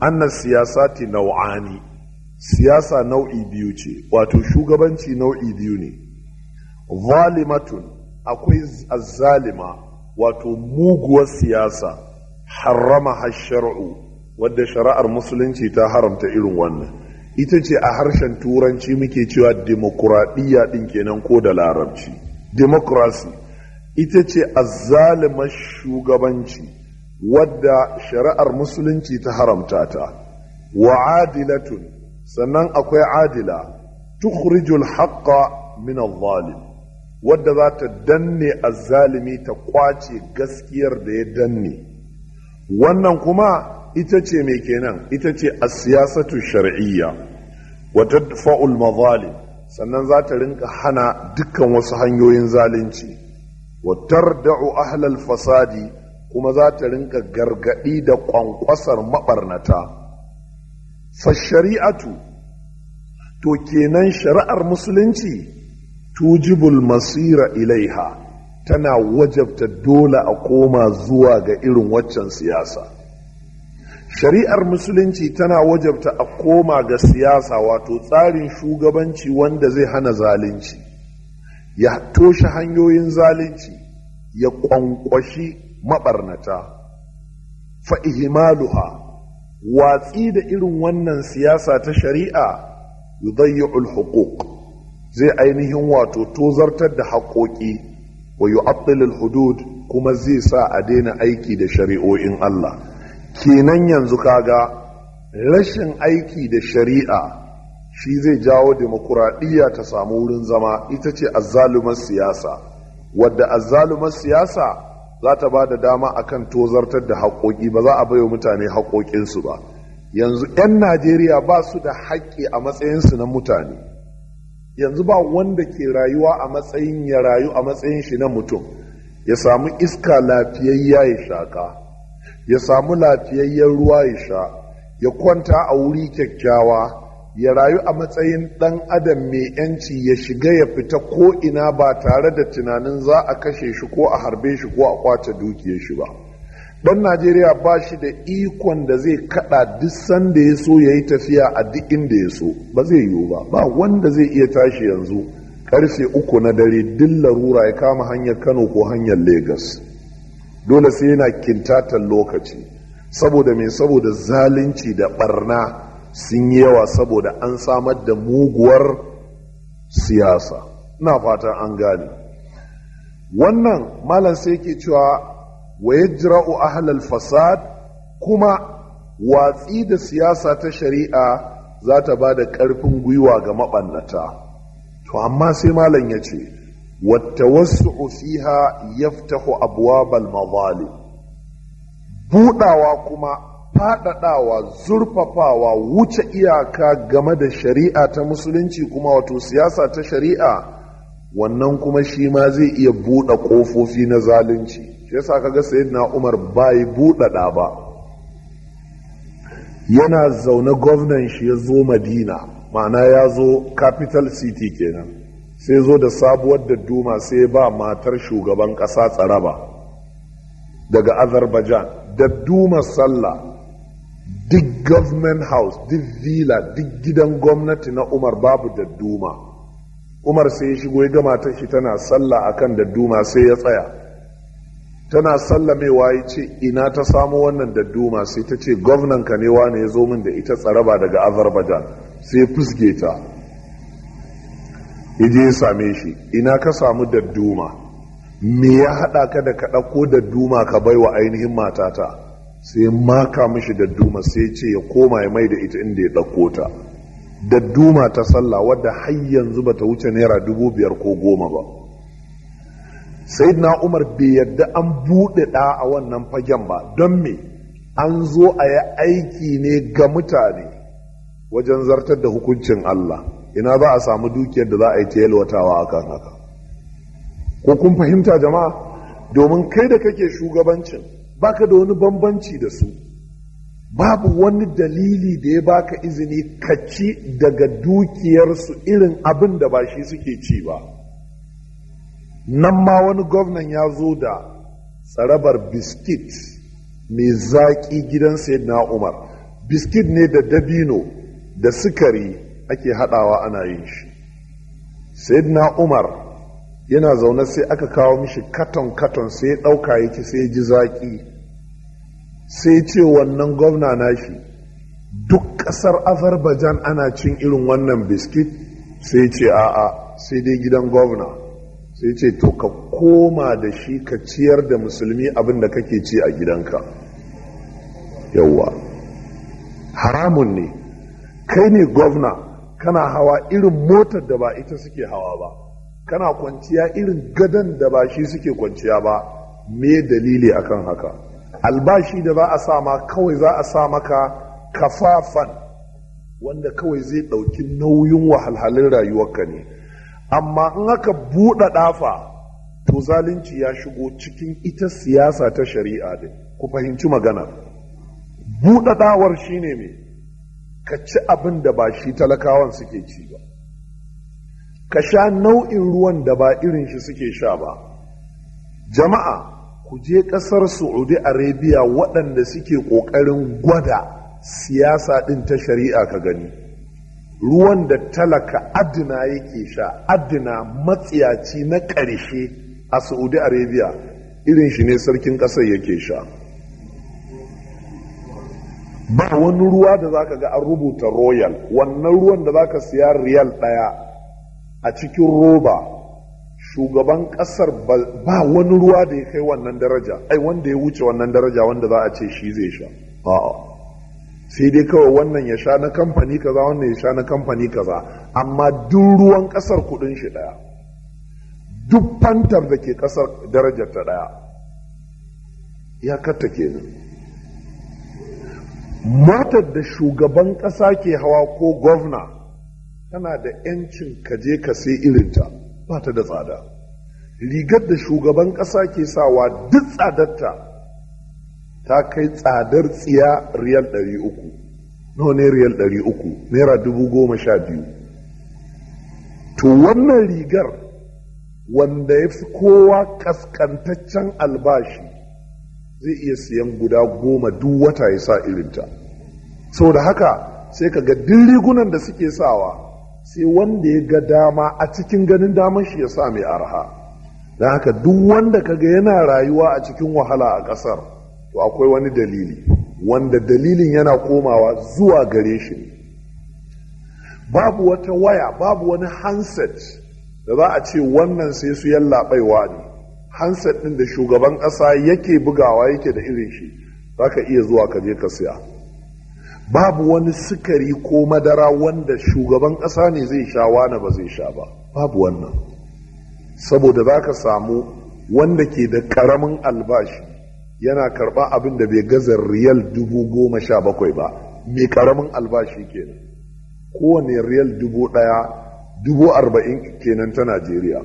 annas siyasati nau'ani siyasa nau'i biyu ce wato shugabanci nau'i biyu ne zalimatun akwai azzalima wato muguwar siyasa harrama sharu. wadda shari'ar musulunci ta haramta irin wannan ita ce a harshen turanci muke cewa demokuraɗiyya ɗin kenan ko da larabci Demokurasi ita ce azzalimar shugabanci wadda shari'ar musulunci ta haramta ta wa'adilatun sannan akwai adila tukhrijul haqqa min adh-dhalim wadda za ta danne azzalimi ta kwace gaskiyar da ya danne wannan kuma ita ce mai kenan ita ce a siyasatu shar'iyya wata fa'ul mazalim sannan za ta rinka hana dukkan wasu hanyoyin zalunci watar da'u ahlal fasadi kuma za ta rinka gargadi da ƙwanƙwasar maɓarnata fashari'atu to kenan shari'ar musulunci tujibul masira ilaiha tana wajabta dole a koma zuwa ga irin waccan siyasa shari'ar musulunci tana wajabta a koma ga siyasa wato tsarin shugabanci wanda zai hana zalunci ya toshe hanyoyin zalunci ya ƙwanƙwashi maɓarnata fa'ihimaluha watsi da irin wannan siyasa ta shari'a al huquq zai ainihin wato tozartar da haƙoƙi wa al hudud kuma zai sa a daina aiki da shari'o'in Allah kenan yanzu kaga rashin aiki da shari'a shi zai jawo demokuraɗiyya ta samu wurin zama ita ce azzalumar siyasa wadda azzalumar siyasa za ta ba da dama a kan tozartar da haƙoƙi ba za a baiwa mutane haƙoƙinsu ba yanzu 'yan najeriya ba su da haƙƙi a matsayinsu na mutane yanzu ba wanda ke rayuwa a matsayin ya rayu a matsayin shi na mutum ya samu iska lafiyayya ya shaƙa ya samu lafiyayyen ruwa ya sha ya kwanta a wuri kyakkyawa ya rayu a matsayin ɗan adam mai yanci ya shiga ya fita ko ina ba tare da tunanin za a kashe shi ko a harbe shi ko a kwace dukiyar shi ba ɗan najeriya ba shi da ikon da zai kaɗa duk sanda ya so ya yi tafiya a duk inda ya so ba zai yiwu ba ba wanda zai iya tashi yanzu karfe uku na dare duk larura ya kama hanyar kano ko hanyar Legas. dole sai yana kintatan lokaci saboda mai saboda zalunci da ɓarna. sun yi yawa saboda an samar da muguwar siyasa na fatan an gane wannan malam sai ke cewa wa jira'u halal fasad kuma watsi da siyasa ta shari'a za ta ba da ƙarfin gwiwa ga maɓannata to amma sai malam ya ce wata wasu ofiha fiha yaftahu abwabal mazalim buɗawa kuma faɗaɗawa zurfafawa wuce iyaka game da shari'a ta musulunci kuma wato siyasa ta shari'a wannan kuma shi ma zai iya buɗe ƙofofi na zalunci shi yasa kaga sayyidina umar bai buɗaɗa ba yana zaune gwamnan shi ya zo madina ma'ana ya zo capital city kenan sai zo da sabuwar da duma sai ba matar shugaban ƙasa tsaraba daga azerbaijan da duma sallah duk government house duk villa duk gidan gwamnati na umar babu dadduma umar sai ya shigo ya gama ta shi tana sallah akan dadduma sai ya tsaya tana mai waye ce ina ta samu wannan dadduma sai ta ce gwamnan ka ne wani ya zo min da ita tsaraba daga azerbaijan sai fusge ta ya je ya same shi ina ka samu dadduma me ya haɗa ka da ko ɗauko dadduma ka baiwa ainihin matata sai maka mishi da duma sai ce ya koma ya mai da ita inda ya ɗauko ta da duma ta sallah wadda har yanzu ta wuce naira dubu biyar ko goma ba sai na umar bai yadda an buɗe ɗa a wannan fagen ba don me an zo a yi aiki ne ga mutane wajen zartar da hukuncin allah ina za a samu dukiyar da za a yi ta yalwatawa akan haka ko kun fahimta jama'a domin kai da kake shugabancin baka da wani bambanci da su babu wani dalili da ya baka izini ka ci daga dukiyarsu irin abin da ba shi suke ci ba nan ma wani gwamnan ya zo da tsarabar biskit mai zaƙi gidan na umar biskit ne da dabino da sukari ake haɗawa ana yin shi na umar yana zaune sai aka kawo mishi katon-katon sai ya ɗauka yake sai ya ji zaƙi sai ce wannan gwamna nashi duk ƙasar azerbaijan ana cin irin wannan biskit sai ce a'a sai dai gidan gwamna sai ce to ka koma da shi ka ciyar da musulmi abin da kake ci a gidanka yauwa haramun ne kai ne gwamna kana hawa irin motar da ba ita suke hawa ba kana kwanciya irin gadon da ba shi suke kwanciya ba me dalili akan haka albashi da za a sa ma kawai za a sa maka kafafan wanda kawai zai ɗauki nauyin wahalhalin rayuwarka ne amma in aka buɗa ɗafa to zalunci ya shigo cikin ita siyasa ta shari'a da ku fahimci magana ɗawar shine me ka ci abin da ba shi talakawan suke ci ba ka sha nau'in ruwan da ba irin shi suke sha ba jama'a ku je ƙasar saudi arabia waɗanda suke ƙoƙarin gwada siyasa ɗin ta shari'a ka gani ruwan da talaka adina yake sha adina matsiyaci na ƙarshe a saudi arabia irin shi ne sarkin ƙasar yake sha ba wani ruwa da za ka ga an rubuta royal wannan ruwan da za ka siya riyal ɗaya a cikin roba shugaban ƙasar ba wani ruwa da ya kai wannan daraja ai wanda ya wuce wannan daraja wanda za a ce shi zai sha a'a sai dai kawai wannan ya sha na kamfani kaza wannan ya sha na kamfani kaza amma duk ruwan ƙasar kuɗin shi ɗaya duk fantar da ke ƙasar darajar ta ɗaya ya katta kenan motar da shugaban ƙasa ke hawa ko gwamna tana da 'yancin ka je ka sai irinta ba ta da tsada rigar da shugaban ƙasa ke sawa duk tsadarta ta kai tsadar tsiya riyal 300 nawa ne riyal 300 naira goma sha biyu. to wannan rigar wanda ya fi kowa kaskantaccen albashi zai iya siyan guda goma duk wata ya sa irinta saboda haka sai ka ga duk rigunan da suke sawa sai wanda ya ga dama a cikin ganin daman shi ya sa mai arha don haka duk wanda kaga yana rayuwa a cikin wahala a ƙasar to akwai wani dalili wanda dalilin yana komawa zuwa gare shi babu wata waya babu wani handset da za a ce wannan sai su yallaɓaiwa ne handset ɗin da shugaban ƙasa yake bugawa yake da irin shi za ka iya zuwa ka je ka siya babu wani sukari ko madara wanda shugaban ƙasa ne zai sha wani ba zai sha ba babu wannan saboda za ka samu wanda ke da ƙaramin albashi yana karɓa abin da bai gaza riyal dubu goma sha bakwai ba mai ƙaramin albashi kenan kowane riyal dubu ɗaya dubu arba'in kenan ta najeriya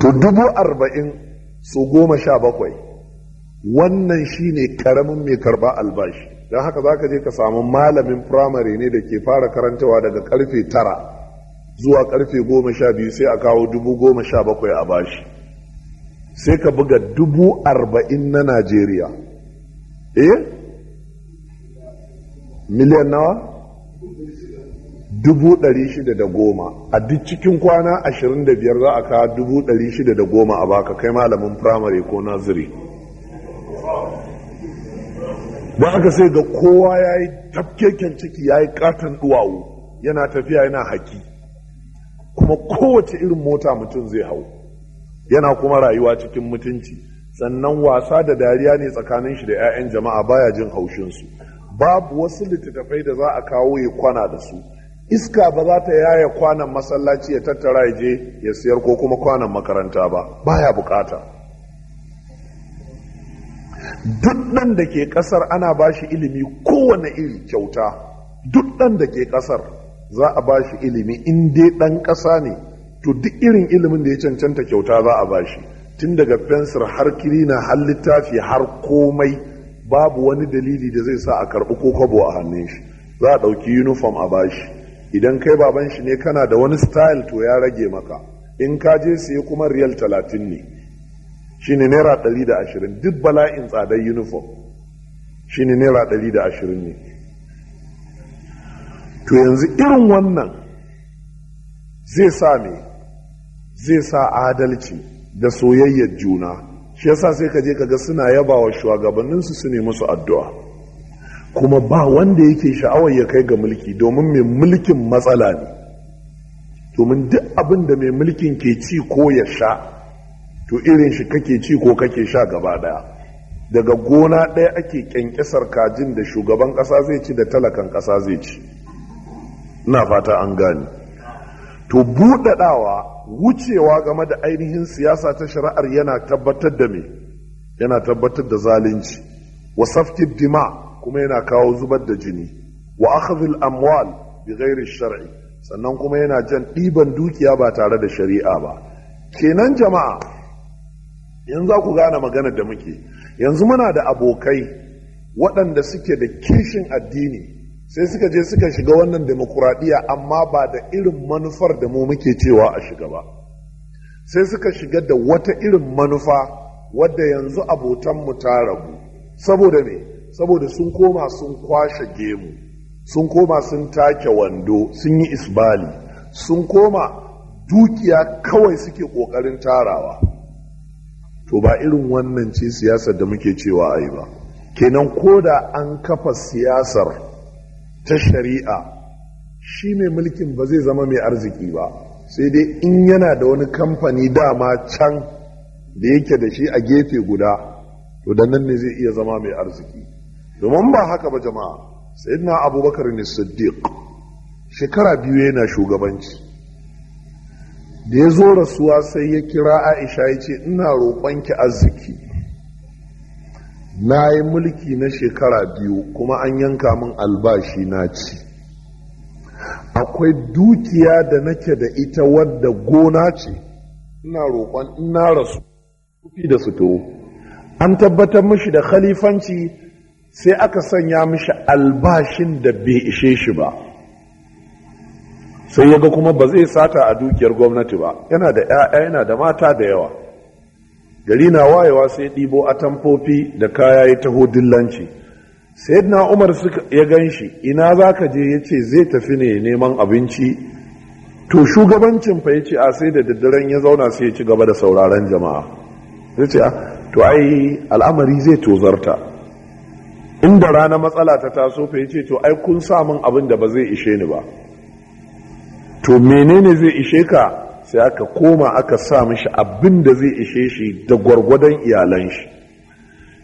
to dubu arba'in su goma sha bakwai wannan shine karamin mai karba albashi don haka za ka je ka samu malamin firamare ne da ke fara karantawa daga karfe tara zuwa karfe goma sha biyu sai a kawo dubu goma sha bakwai a bashi sai ka buga dubu arba'in na najeriya eh miliyan nawa dubu ɗari shida da goma a duk cikin kwana ashirin da biyar za a kawo dubu ɗari shida da goma a baka kai malamin firamare ko naziri ba aka sai ga kowa ya yi tafkeken ciki ya yi katon duwawu yana tafiya yana haƙi kuma kowace irin mota mutum zai hau yana kuma rayuwa cikin mutunci sannan wasa da dariya ne tsakanin shi da 'ya'yan jama'a baya jin haushinsu babu wasu littattafai da za a kawo ya kwana da su iska ba za ta yaya kwanan masallaci ya tattara ya je ya siyar ko kuma kwanan makaranta ba baya bukata duk ɗan da ke ƙasar ana ba shi ilimi kowane iri kyauta duk ɗan da ke ƙasar za a ba shi ilimi in dai ɗan ƙasa ne to duk irin ilimin da ya cancanta kyauta za a ba shi tun daga fensir har kirina har littafi har komai babu wani dalili da zai sa a karɓi ko kwabo a hannun shi za a ɗauki uniform a ba shi idan kai baban shi ne kana da wani style to ya rage maka in ka je siye kuma riyal talatin ne shine naira ɗari da ashirin duk bala'in tsadar uniform shine naira ɗari da ashirin ne to yanzu irin wannan zai sa ne zai sa adalci da soyayyar juna shi yasa sai ka je kaga suna yaba wa shugabanninsu su ne musu addu'a kuma ba wanda yake sha'awar ya kai ga mulki domin mai mulkin matsala ne domin duk abin da mai mulkin ke ci ko ya sha to irin shi kake ci ko kake sha gaba daya daga gona ɗaya ake kyankyasar kajin da shugaban ƙasa zai ci da talakan ƙasa zai ci na fata an gane to buɗaɗawa wucewa game da ainihin siyasa ta shari'ar yana tabbatar da me yana tabbatar da zalunci wa safki dima kuma yana kawo zubar da jini wa akhdhil amwal bi ghairi shar'i sannan kuma yana jan ɗiban dukiya ba tare da shari'a ba kenan jama'a yanzu za ku gane magana da muke yanzu muna da abokai waɗanda suke da kishin addini sai suka je suka shiga wannan demokuraɗiyya amma ba da irin manufar da mu muke cewa a shiga ba sai suka shiga da wata irin manufa wadda yanzu abotanmu ta rabu saboda me saboda sun koma sun kwashe gemu sun koma sun take wando sun yi isbali sun koma dukiya kawai suke ƙoƙarin tarawa to ba irin wannan ce siyasar da muke cewa a yi ba kenan ko da an kafa siyasar ta shari'a shi ne mulkin ba zai zama mai arziki ba sai dai in yana da wani kamfani dama can da yake da shi a gefe guda to da nan ne zai iya zama mai arziki domin ba haka ba jama'a na abubakar ne shekara biyu yana shugabanci da ya zo rasuwa sai ya kira aisha ya ce ina roƙonki arziki na yi mulki na shekara biyu kuma an yanka min albashi na ci akwai dukiya da nake da ita wadda gona ce ina roƙon ina rasu kufi da fito. an tabbatar mishi da khalifanci sai aka sanya mishi albashin da bai ishe shi ba sai ya ga kuma ba zai sata a dukiyar gwamnati ba yana da 'ya'ya yana da mata da yawa gari na wayewa sai ɗibo a atamfofi da kaya ya taho dillanci na umar ya gan shi ina za ka je ya ce zai tafi ne neman abinci to shugabancin fa ya ce a sai da daddaren ya zauna sai ya ci gaba da sauraron jama'a ya ce to ai al'amari zai tozarta inda rana matsala ta taso fa ya ce to ai kun sa min abin da ba zai ishe ni ba to menene zai ishe ka sai aka koma aka sa mishi abin da zai ishe shi da gwargwadon iyalan shi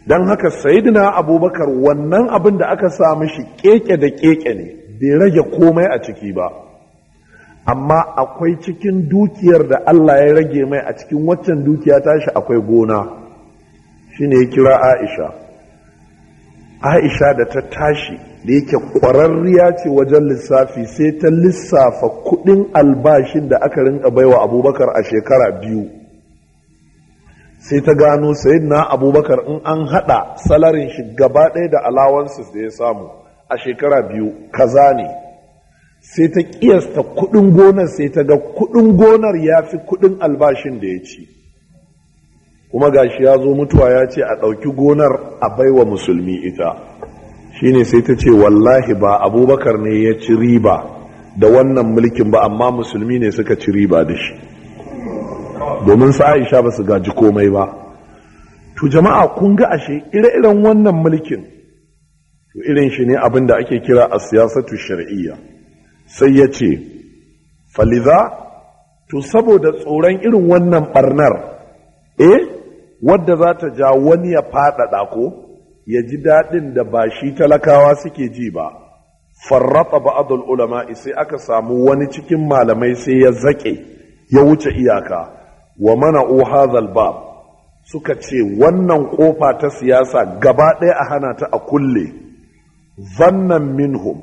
don haka saidina abubakar wannan abin da aka sa mishi keke da keke ne bai rage komai a ciki ba amma akwai cikin dukiyar da allah ya rage mai a cikin waccan dukiya tashi akwai gona shine ya kira aisha aisha da ta tashi da yake ƙwararriya ce wajen lissafi sai ta lissafa kuɗin albashin da aka rinka baiwa abubakar a shekara biyu sai ta gano na abubakar in an haɗa salarin shi gaba ɗaya da alawansu da ya samu a shekara biyu kaza ne sai ta ƙiyasta kuɗin gonar sai ta ga kuɗin gonar ya fi kuɗin albashin da ya ci kuma gashi ya zo mutuwa ya ce a ɗauki gonar a baiwa musulmi ita shine sai ta ce wallahi ba abubakar ne ya ci riba da wannan mulkin ba amma musulmi ne suka ci riba da shi domin su aisha ba su gaji komai ba to jama'a kun ga ashe ire-iren wannan mulkin to irin shi ne abin da ake kira a siyasatu shar'iyya sai ya ce faliza to saboda tsoron irin wannan barnar eh wadda za ta ja wani ya faɗaɗa ko ya ji daɗin da ba shi talakawa suke ji ba ba ba'adul ulama sai aka samu wani cikin malamai sai ya zaƙe ya wuce iyaka wa mana hadhal bab suka ce wannan ƙofa ta siyasa gaba ɗaya a hana ta a kulle zannan minhum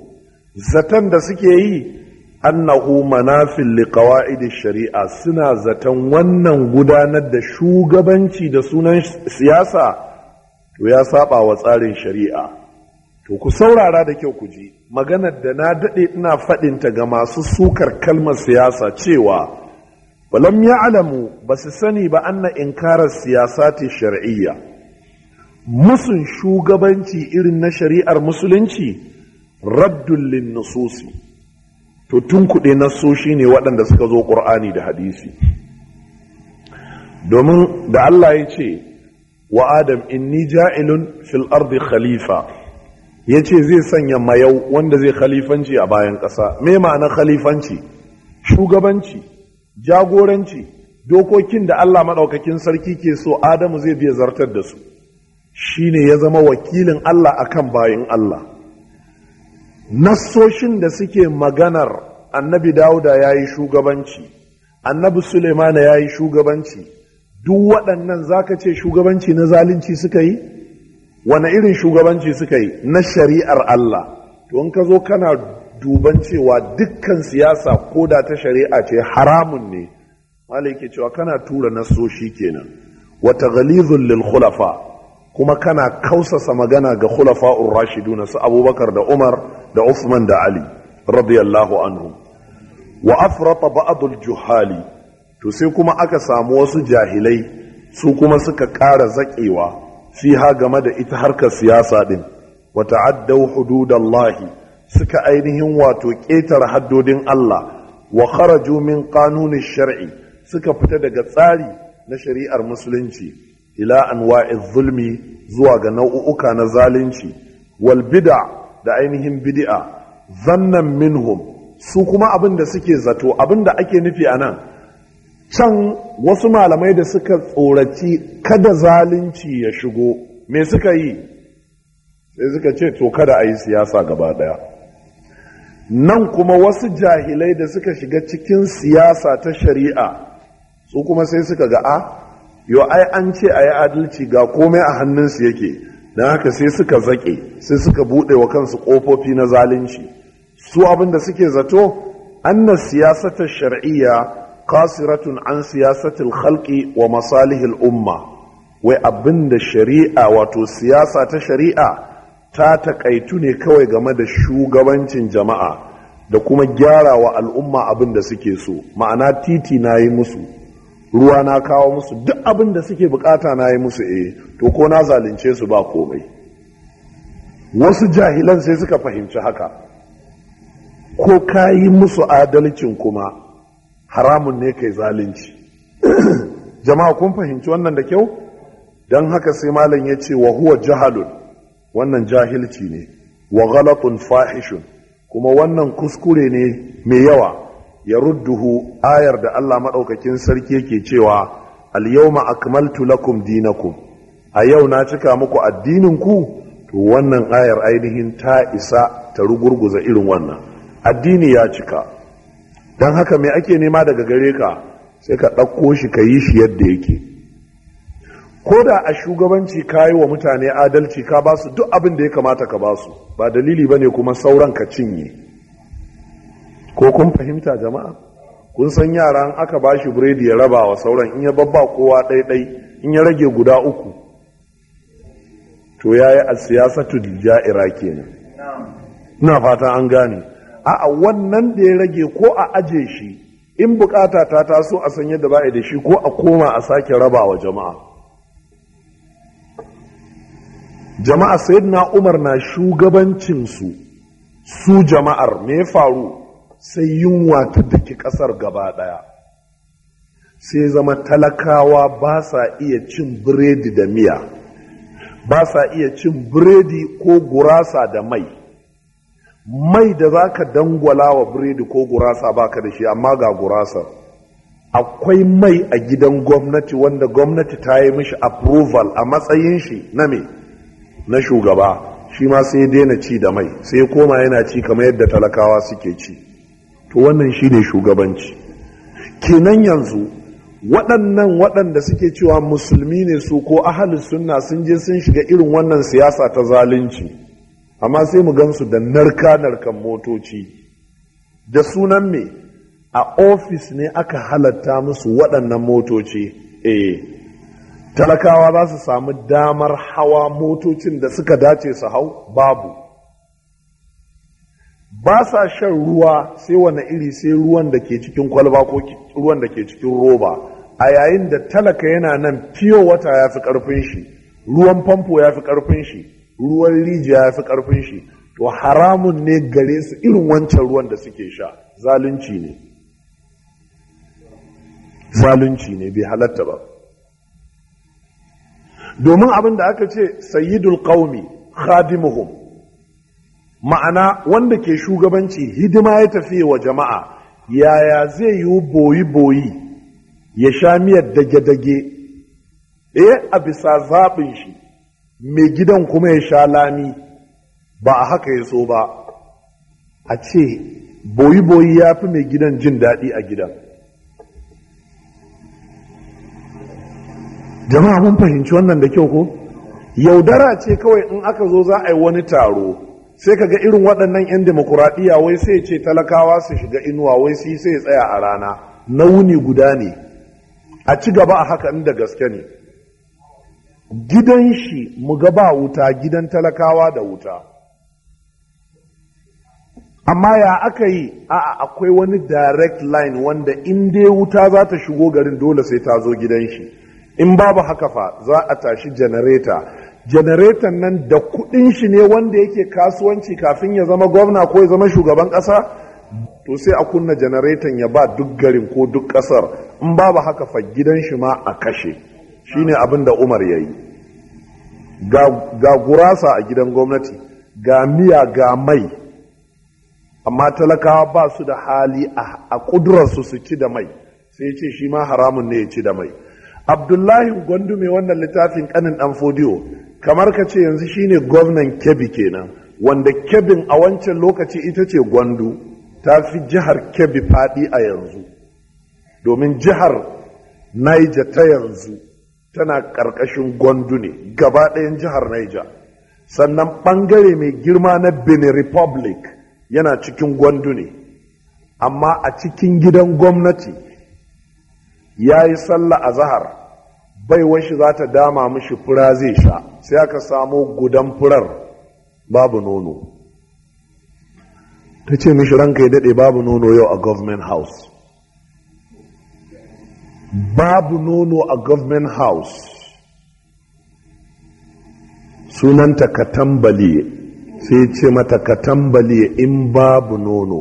zaton da suke yi annahu manafin liqawa'id shari'a suna zaton wannan gudanar da shugabanci da sunan siyasa to ya saba wa tsarin shari'a to ku saurara da kyau ku ji maganar da na dade ina fadin ta ga masu sukar kalmar siyasa cewa walam ya'lamu basu sani ba anna inkarar siyasati shar'iyya musun shugabanci irin na shari'ar musulunci raddul lin to tun kuɗe shi ne waɗanda suka zo ƙur'ani da hadisi domin da Allah ya ce wa adam inni ja'ilun fil ardi khalifa ya ce zai sanya mayau wanda zai khalifanci a bayan ƙasa me ma'ana khalifanci shugabanci jagoranci dokokin da Allah maɗaukakin sarki ke so adamu zai biya zartar da su shine ya zama wakilin Allah akan bayin Allah nassoshin da suke maganar annabi dauda ya yi shugabanci annabi suleimana ya yi shugabanci duk waɗannan zaka ce shugabanci na zalunci suka yi wani irin shugabanci suka yi na shari'ar allah to in ka zo kana duban cewa dukkan siyasa ko da ta shari'a ce haramun ne malai ke cewa kana tura nassoshi kenan wata ghalizun lil khulafa kuma kana kausasa magana ga khulafa'ur rashidun su abubakar da umar da usman da ali radiyallahu anhu wa afrata ba'dul juhali to sai kuma aka samu wasu jahilai su kuma suka ƙara zaƙewa ha game da ita harkar siyasa din wa ta'addaw hududallahi suka ainihin wato ƙetare haddodin Allah wa kharaju min qanunin shar'i suka fita daga tsari na shari'ar musulunci ila anwa'iz zulmi zuwa ga nau'uka na zalunci wal bid'a da ainihin bid'a zannan minhum su kuma abin da suke zato abin da ake nufi anan can wasu malamai da suka tsoraci kada zalunci ya shigo me suka yi sai suka ce to kada a yi siyasa gaba daya nan kuma wasu jahilai da suka shiga cikin siyasa ta shari'a su kuma sai suka ga a ah, yo ai an ce a yi adalci ga komai a hannunsu yake don haka sai suka zaƙe sai suka buɗe wa kansu ƙofofi na zalunci su abin da suke zato anna siyasatar shar'iyya kasiratun an siyasatar halƙi wa masalihil umma wai abin da shari'a wato siyasa ta shari'a ta taƙaitu ne kawai game da shugabancin jama'a da kuma gyara wa al'umma abin da suke so ma'ana titi na yi musu ruwa na kawo musu duk abin da suke bukata na yi musu eh to ko na zalunce su ba komai wasu jahilan sai suka fahimci haka ko ka yi musu adalcin kuma haramun ne kai zalunci [CLEARS THROAT] jama'a kun fahimci wannan da kyau don haka sai malam ya ce wa huwa jahalun wannan jahilci ne wa galatun fahishun kuma wannan kuskure ne mai yawa ya rudduhu ayar da Allah maɗaukakin sarki yake cewa al-yawma akmaltu lakum dinakum a yau na cika muku addinin ku to wannan ayar ainihin ta isa ta rugurguza irin wannan addini ya cika don haka me ake nema daga gare ka sai ka ɗauko shi ka yi shi yadda yake ko da a shugabanci ka yi wa mutane adalci ka ba su duk abin da ya kamata ka ba su ba dalili ba ne kuma sauran ka cinye ko kun fahimta jama'a kun san yara aka ba shi biredi ya raba wa sauran in ya babba kowa ɗaiɗai in ya rage guda uku to ya yi a siyasatu ja'ira kenan ina fata an gane a wannan da ya rage ko a aje shi in bukata ta taso a san yadda ba'a da shi ko a koma a sake raba wa jama'a jama'a sayyidina umar na shugabancinsu su jama'ar me faru sai yunwa ta daki ƙasar gaba ɗaya sai zama talakawa ba sa iya cin biredi da miya ba sa iya cin biredi ko gurasa da mai mai da za ka dangwala wa biredi ko gurasa ba ka da shi amma ga gurasar akwai mai a gidan gwamnati wanda gwamnati ta yi mishi approval a matsayin shi na me na shugaba shi ma sai daina ci da mai sai koma yana ci kamar yadda talakawa suke ci to wannan shi ne shugabanci kenan yanzu waɗannan waɗanda suke cewa musulmi ne su ko ahalin sunna sun je sun shiga irin wannan siyasa ta zalunci amma sai mu gansu da narka-narkan motoci da sunan me a ofis ne aka halatta musu waɗannan motoci eh talakawa za su samu damar hawa motocin da suka dace su hau babu ba sa shan ruwa sai wani iri sai ruwan da ke cikin kwalba ko ruwan da ke cikin roba a yayin da talaka yana nan fiye wata ya fi ƙarfin shi ruwan famfo ya fi ƙarfin shi ruwan rijiya ya fi ƙarfin shi to haramun ne gare su irin wancan ruwan da suke sha zalunci ne zalunci ne bai halatta ba domin abin da aka ce sayyidul qaumi khadimuhum ma'ana wanda ke shugabanci hidima ya tafi wa jama'a yaya zai yi boyi-boyi ya sha miyar dage-dage eh a bisa zaɓin shi mai gidan kuma ya sha lami ba a haka ya so ba a ce boyi-boyi ya fi mai gidan jin daɗi a gidan jama'a mun fahimci wannan da kyau ko yaudara ce kawai in aka zo za a yi wani taro sai ka ga irin waɗannan 'yan demokuraɗiyya wai sai ce talakawa su shiga inuwa wai sai sai tsaya a rana na wuni guda ne a ci gaba a haka inda gaske ne gidan shi mu ga ba wuta gidan talakawa da wuta amma ya aka yi a akwai wani direct line wanda in dai wuta za ta shigo garin dole sai ta zo gidan shi in babu haka fa za a tashi janareta janaretan nan da kudin shi ne wanda yake kasuwanci kafin ya zama gwamna ko ya zama shugaban kasa to sai a kunna janaretan ya ba duk garin ko duk kasar in babu haka fa gidan shi ma a kashe shine abin da umar ya yi ga gurasa a gidan gwamnati ga miya ga mai amma talakawa ba su da hali a kudurarsu su ci da mai sai ce shi ma haramun ne ya ci da mai abdullahi gwandu mai wannan littafin kanin dan fodiyo kamar ka ce yanzu shine gwamnan kebbi kenan wanda kebin a wancan lokaci ita ce gwandu ta fi jihar kebbi fadi a yanzu domin jihar niger ta yanzu tana ƙarƙashin gwandu ne gaba ɗayan jihar niger sannan ɓangare mai girma na benin republic yana cikin gwandu ne amma a cikin gidan gwamnati ya yi sallah a zahar Baiwan shi za ta dama mishi fura zai sha sai aka samo gudan furar babu nono ta ce mishi ranka ya daɗe babu nono yau a government house babu nono a government house sunanta ka tambaliye sai ce mata ka tambaliye in babu nono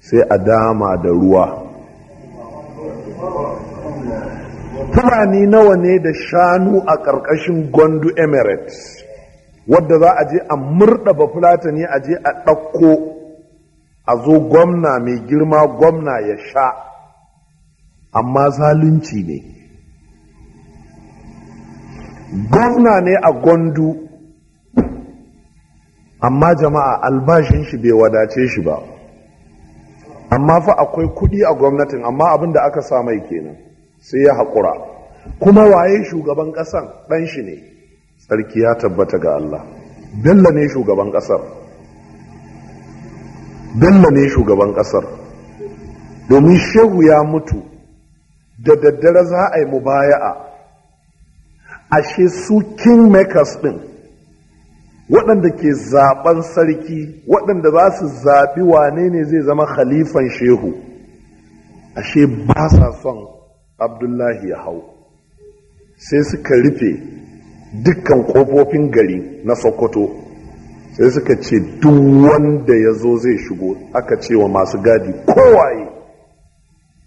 sai a dama da ruwa fulani nawa ne da shanu a ƙarƙashin Gondu emirates wadda za a je a murɗa ba ne a je a ɗakko a zo gwamna mai girma gwamna ya sha amma zalunci ne gwamna ne a Gondu, amma jama'a albashin shi bai wadace shi ba amma fa akwai kuɗi a gwamnatin amma abin da aka sa mai kenan sai ya haƙura kuma waye shugaban ƙasan ɗan shi ne sarki ya tabbata ga Allah bello ne shugaban ƙasar bello ne shugaban ƙasar domin shehu ya mutu da daddare za a yi mu mubaya'a ashe su King makers ɗin waɗanda ke zaɓen sarki waɗanda za su zaɓi wane ne zai zama khalifan shehu ashe ba sa son abdullahi ya hau sai suka rufe dukkan kofofin gari na sokoto sai suka ce duk wanda ya zo zai shigo aka ce wa masu gadi kowaye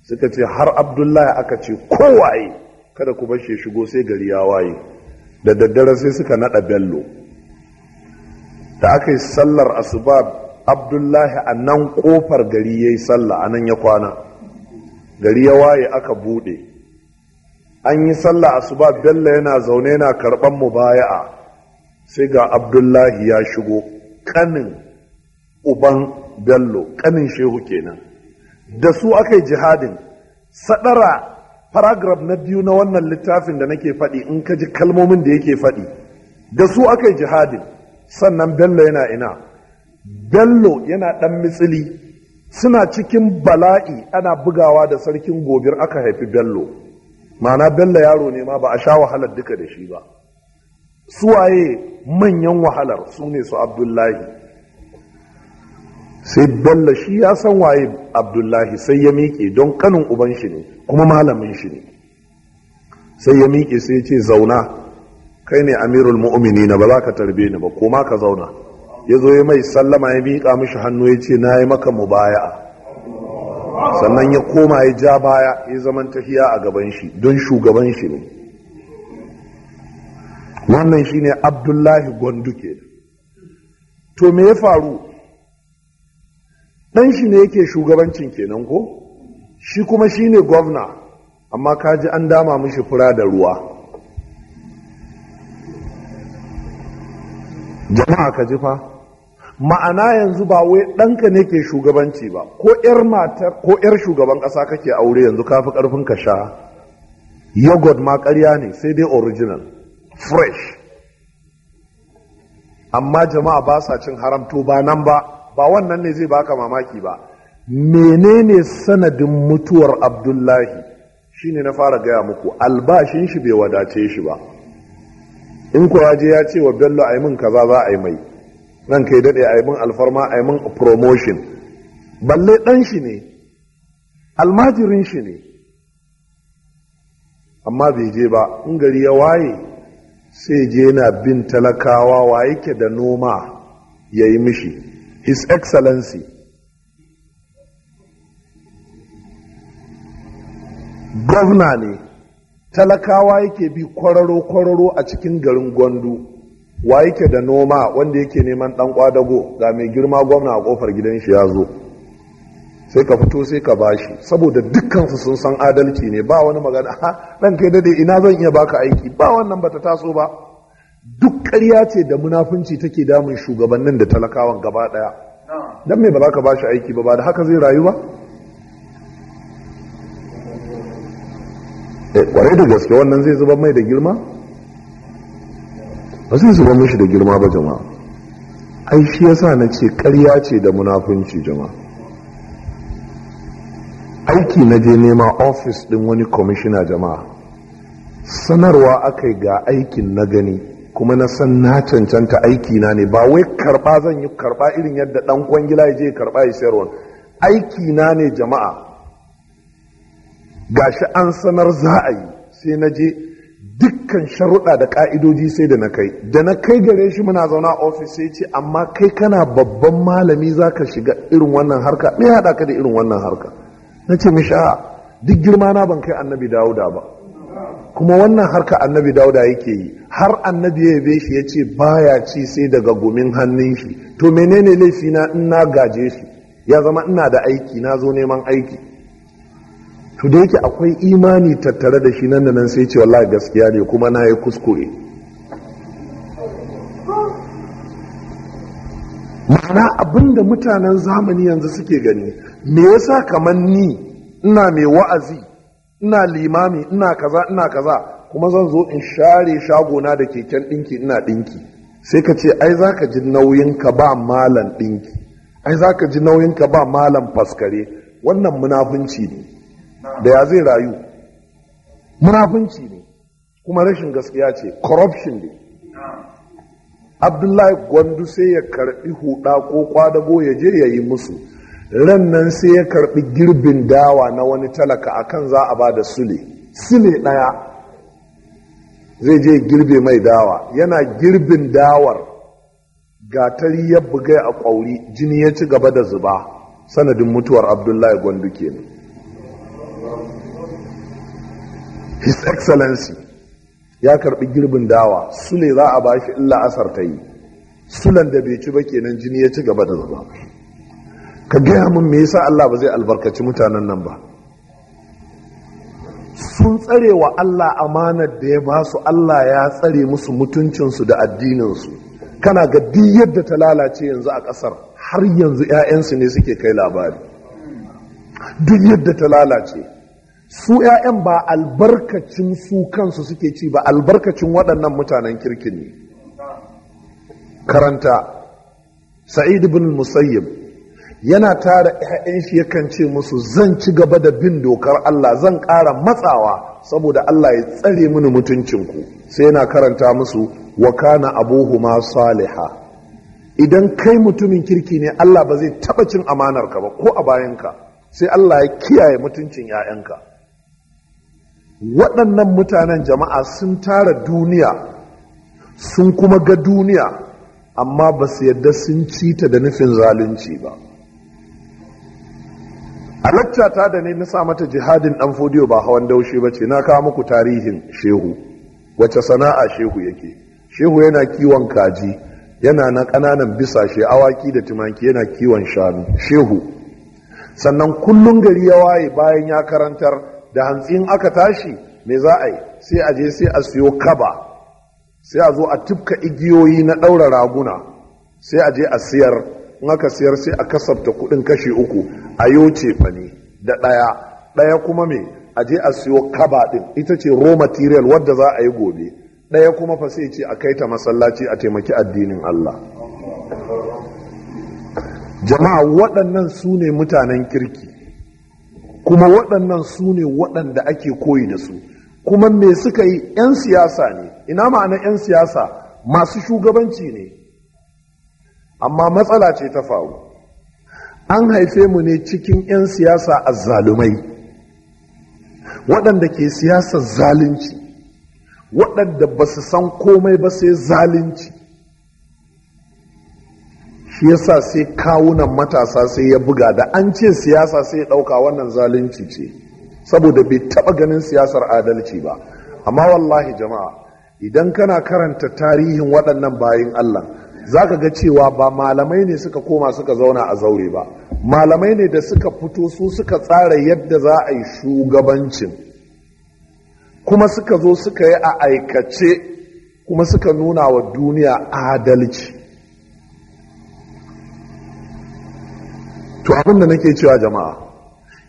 suka ce har abdullahi aka ce kowaye kada ku bashe shigo sai gari ya waye da daddare sai suka nada bello da aka yi sallar asuba abdullahi a nan kofar gari ya yi sallah a nan ya kwana gari ya waye aka bude an yi sallah asuba bello yana zaune yana karban mubaya'a sai ga abdullahi ya shigo kanin uban bello kanin shehu kenan da su aka yi jihadin sadara paragraf na biyu na wannan littafin da nake faɗi in ka ji kalmomin da yake faɗi da su aka yi jihadin sannan bello yana ina bello yana ɗan mitsili suna cikin bala'i ana bugawa da sarkin gobir aka haifi bello ma'ana bello yaro ne ma ba a sha wahalar duka da shi ba suwaye manyan wahalar su ne su abdullahi sai bello shi ya san waye abdullahi sai ya miƙe don kanin uban shi ne kuma malamin shi ne sai ya miƙe sai ya ce zauna kai ne amirul mu'mini na ba za ka tarbe ni ba koma ka zauna ya zo ya mai sallama ya miƙa mishi hannu ya ce na yi maka mu baya. sannan ya koma ya ja baya ya zaman tafiya a gaban shi don shugaban shi ne wannan shi ne abdullahi gwanduke to me ya faru ɗan shi ne yake shugabancin kenan ko shi kuma shi ne gwamna amma kaji an dama mishi fura da ruwa jama'a ka ji fa ma'ana yanzu ba wai ɗanka ne ke shugabanci ba ko 'yar matar ko 'yar shugaban ƙasa kake aure yanzu kafi ƙarfin ka sha yogurt ma ƙarya ne sai dai original fresh amma jama'a ba sa cin haramto ba nan ba ba wannan ne zai baka mamaki ba menene sanadin mutuwar abdullahi shine na fara gaya muku albashin shi bai wadace shi ba in kuwa je ya ce wa bello a yi min kaza za a yi mai ka yi daɗe a yi alfarma a yi promotion balle ɗan shi ne almajirin shi ne amma bai je ba in gari ya waye sai je yana bin talakawa wa yake da noma ya yi mishi his excellency gwamna ne talakawa yake bi kwararo-kwararo a cikin garin gwandu wa yake da noma wanda yake neman dan kwadago ga mai girma gwamna a kofar gidan shi ya zo sai ka fito sai ka bashi saboda dukkansu sun san adalci ne ba wani magana ha dan kai dade ina zan iya baka aiki ba wannan bata taso ba duk ƙarya ce da munafunci take damun shugabannin da talakawan gaba daya dan me ba za ka bashi aiki ba ba da haka zai rayu ba eh kware da gaske wannan zai zuba mai da girma ba zai zuba mishi da girma ba jama'a ai shi yasa na ce karya ce da munafunci jama'a aiki na je nema ofis ɗin wani kwamishina jama'a sanarwa aka ga aikin na gani kuma na san na cancanta aiki na ne ba wai karba zan yi karba irin yadda ɗan kwangila ya je karba ya sayarwa aiki na ne jama'a Ga shi an sanar za a yi sai na je dukkan sharuɗa da ƙa'idoji sai da na kai da na kai gare shi muna zauna ofis sai ce amma kai kana babban malami za ka shiga irin wannan harka me haɗa ka da irin wannan harka na ce mishi a duk girma na ban kai annabi dawuda ba kuma wannan harka annabi dawuda yake yi har annabi ya yabe shi ya ce baya ci sai daga gumin hannun shi to menene laifina in na gaje shi ya zama ina da aiki na zo neman aiki to da yake akwai imani tattare da shi nan da nan sai ce wallahi gaskiya ne kuma na yi kuskure ma'ana abinda mutanen zamani yanzu suke gani me yasa kamar ni ina mai wa'azi ina limami ina kaza ina kaza kuma zan zo in share shagona da keken dinki ina dinki sai ka ce ai za ka ji nauyin ka ba malam dinki ai za ka ji nauyin ka ba malam faskare wannan munafunci ne da ya zai rayu munafunci ne kuma rashin gaskiya ce corruption ne abdullahi gwandu sai ya karbi huda ko kwadago ya je ya yi musu ran nan sai ya karbi girbin dawa na wani talaka akan za a ba da sule sule ɗaya zai je girbe mai dawa yana girbin dawar gatari ya bugai a ƙwauri jini ya ci gaba da zuba sanadin mutuwar abdullahi gwandu kenan his excellency ya karbi girbin dawa sule za a shi illa asar ta yi sulan da bai ci ba kenan jini ya ci gaba da zuba ka gaya mun me yasa Allah ba zai albarkaci mutanen nan ba sun tsare wa Allah amanar da ya ba su Allah ya tsare musu mutuncinsu da addininsu kana ga duk yadda ta lalace yanzu a ƙasar har yanzu 'ya'yansu ne suke kai labari duk yadda ta lalace su 'ya'yan ba albarkacin su kansu suke ci ba albarkacin waɗannan mutanen kirki ne karanta sa'id ibn musayyib yana tara 'ya'yan shi yakan ce musu zan ci gaba da bin dokar Allah zan ƙara matsawa saboda Allah ya tsare mini mutuncinku sai yana karanta musu wa kana abuhuma saliha idan kai mutumin kirki ne Allah ba zai taɓa cin amanarka ba ko a bayanka sai Allah ya kiyaye mutuncin 'ya'yanka waɗannan mutanen jama'a sun tara duniya sun kuma ga duniya amma ba su yadda sun cita da nufin zalunci ba a ta da ne na sa mata jihadin ɗan fodiyo ba hawan daushe ba ce na kawo muku tarihin shehu wace sana'a shehu yake shehu yana kiwon kaji yana na ƙananan bisashe awaki da tumaki yana kiwon shanu shehu sannan kullum gari ya waye bayan ya karantar da hantsin aka tashi me za a yi sai a je sai a siyo kaba sai a zo a tufka igiyoyi na ɗaura raguna sai a je a siyar in aka siyar sai a kasafta kuɗin kashe uku a yi yo fani da ɗaya ɗaya kuma me a je a siyo kaba ɗin ita ce raw material wadda za a yi gobe ɗaya kuma fa sai ce a kai ta masallaci a taimaki addinin Allah jama'a waɗannan su ne mutanen kirki kuma waɗannan su ne waɗanda ake koyi da su kuma me suka yi 'yan siyasa ne ina ma'ana 'yan siyasa masu shugabanci ne amma matsala ce ta faru an haife mu ne cikin 'yan siyasa a zalumai waɗanda ke siyasar zalunci waɗanda ba su san komai ba sai zalunci shi yasa sai kawunan matasa sai ya buga da an ce siyasa sai ya ɗauka wannan zalunci ce saboda bai taɓa ganin siyasar adalci ba amma wallahi jama'a idan kana karanta tarihin waɗannan bayan allah za ka ga cewa ba malamai ne suka koma suka zauna a zaure ba malamai ne da suka fito su suka tsara yadda za a yi shugabancin kuma suka zo suka yi a aikace kuma suka nuna wa duniya adalci to abin da nake cewa jama'a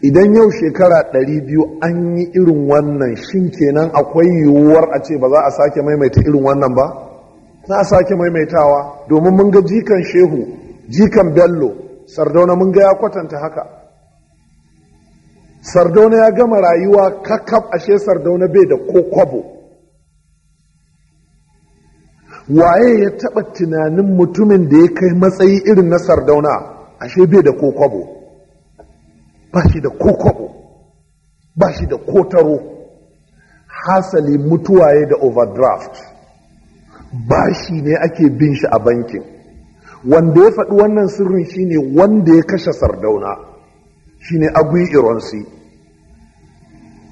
idan yau shekara 200 an yi irin wannan shin kenan akwai yiwuwar a ce ba za a sake maimaita irin wannan ba Za a sake maimaitawa domin mun ga jikan shehu jikan bello sardauna mun ga ya kwatanta haka sardauna ya gama rayuwa kakab ashe sardauna bai da ko kwabo waye ya taɓa tunanin mutumin da ya kai matsayi irin na sardauna ashe bai da ko kwabo ba shi da ko kwabo ba shi da ko taro hasali mutuwaye da overdraft ba shi ne ake bin shi a bankin wanda ya faɗi wannan sirrin shine wanda ya kashe sardauna shine agui ironsi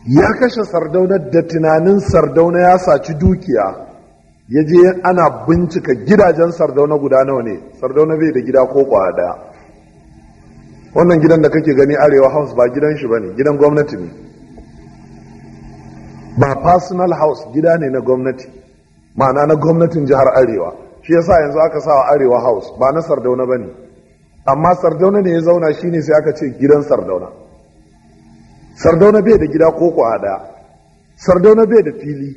ya kashe sardauna da tunanin sardauna ya saci dukiya ya je ana bincika gidajen sardauna guda nawa ne sardauna bai da gida ko kwa daya wannan gidan da kake gani arewa house ba gidan shi bane gidan gwamnati ne ba personal house gida ne na gwamnati ma'ana na gwamnatin jihar arewa shi yasa yanzu aka sawa arewa house ba na sardauna ba ne. amma sardauna ne ya zauna shi ne sai aka ce gidan sardauna sardauna bai da gida ko a daya sardauna bai da fili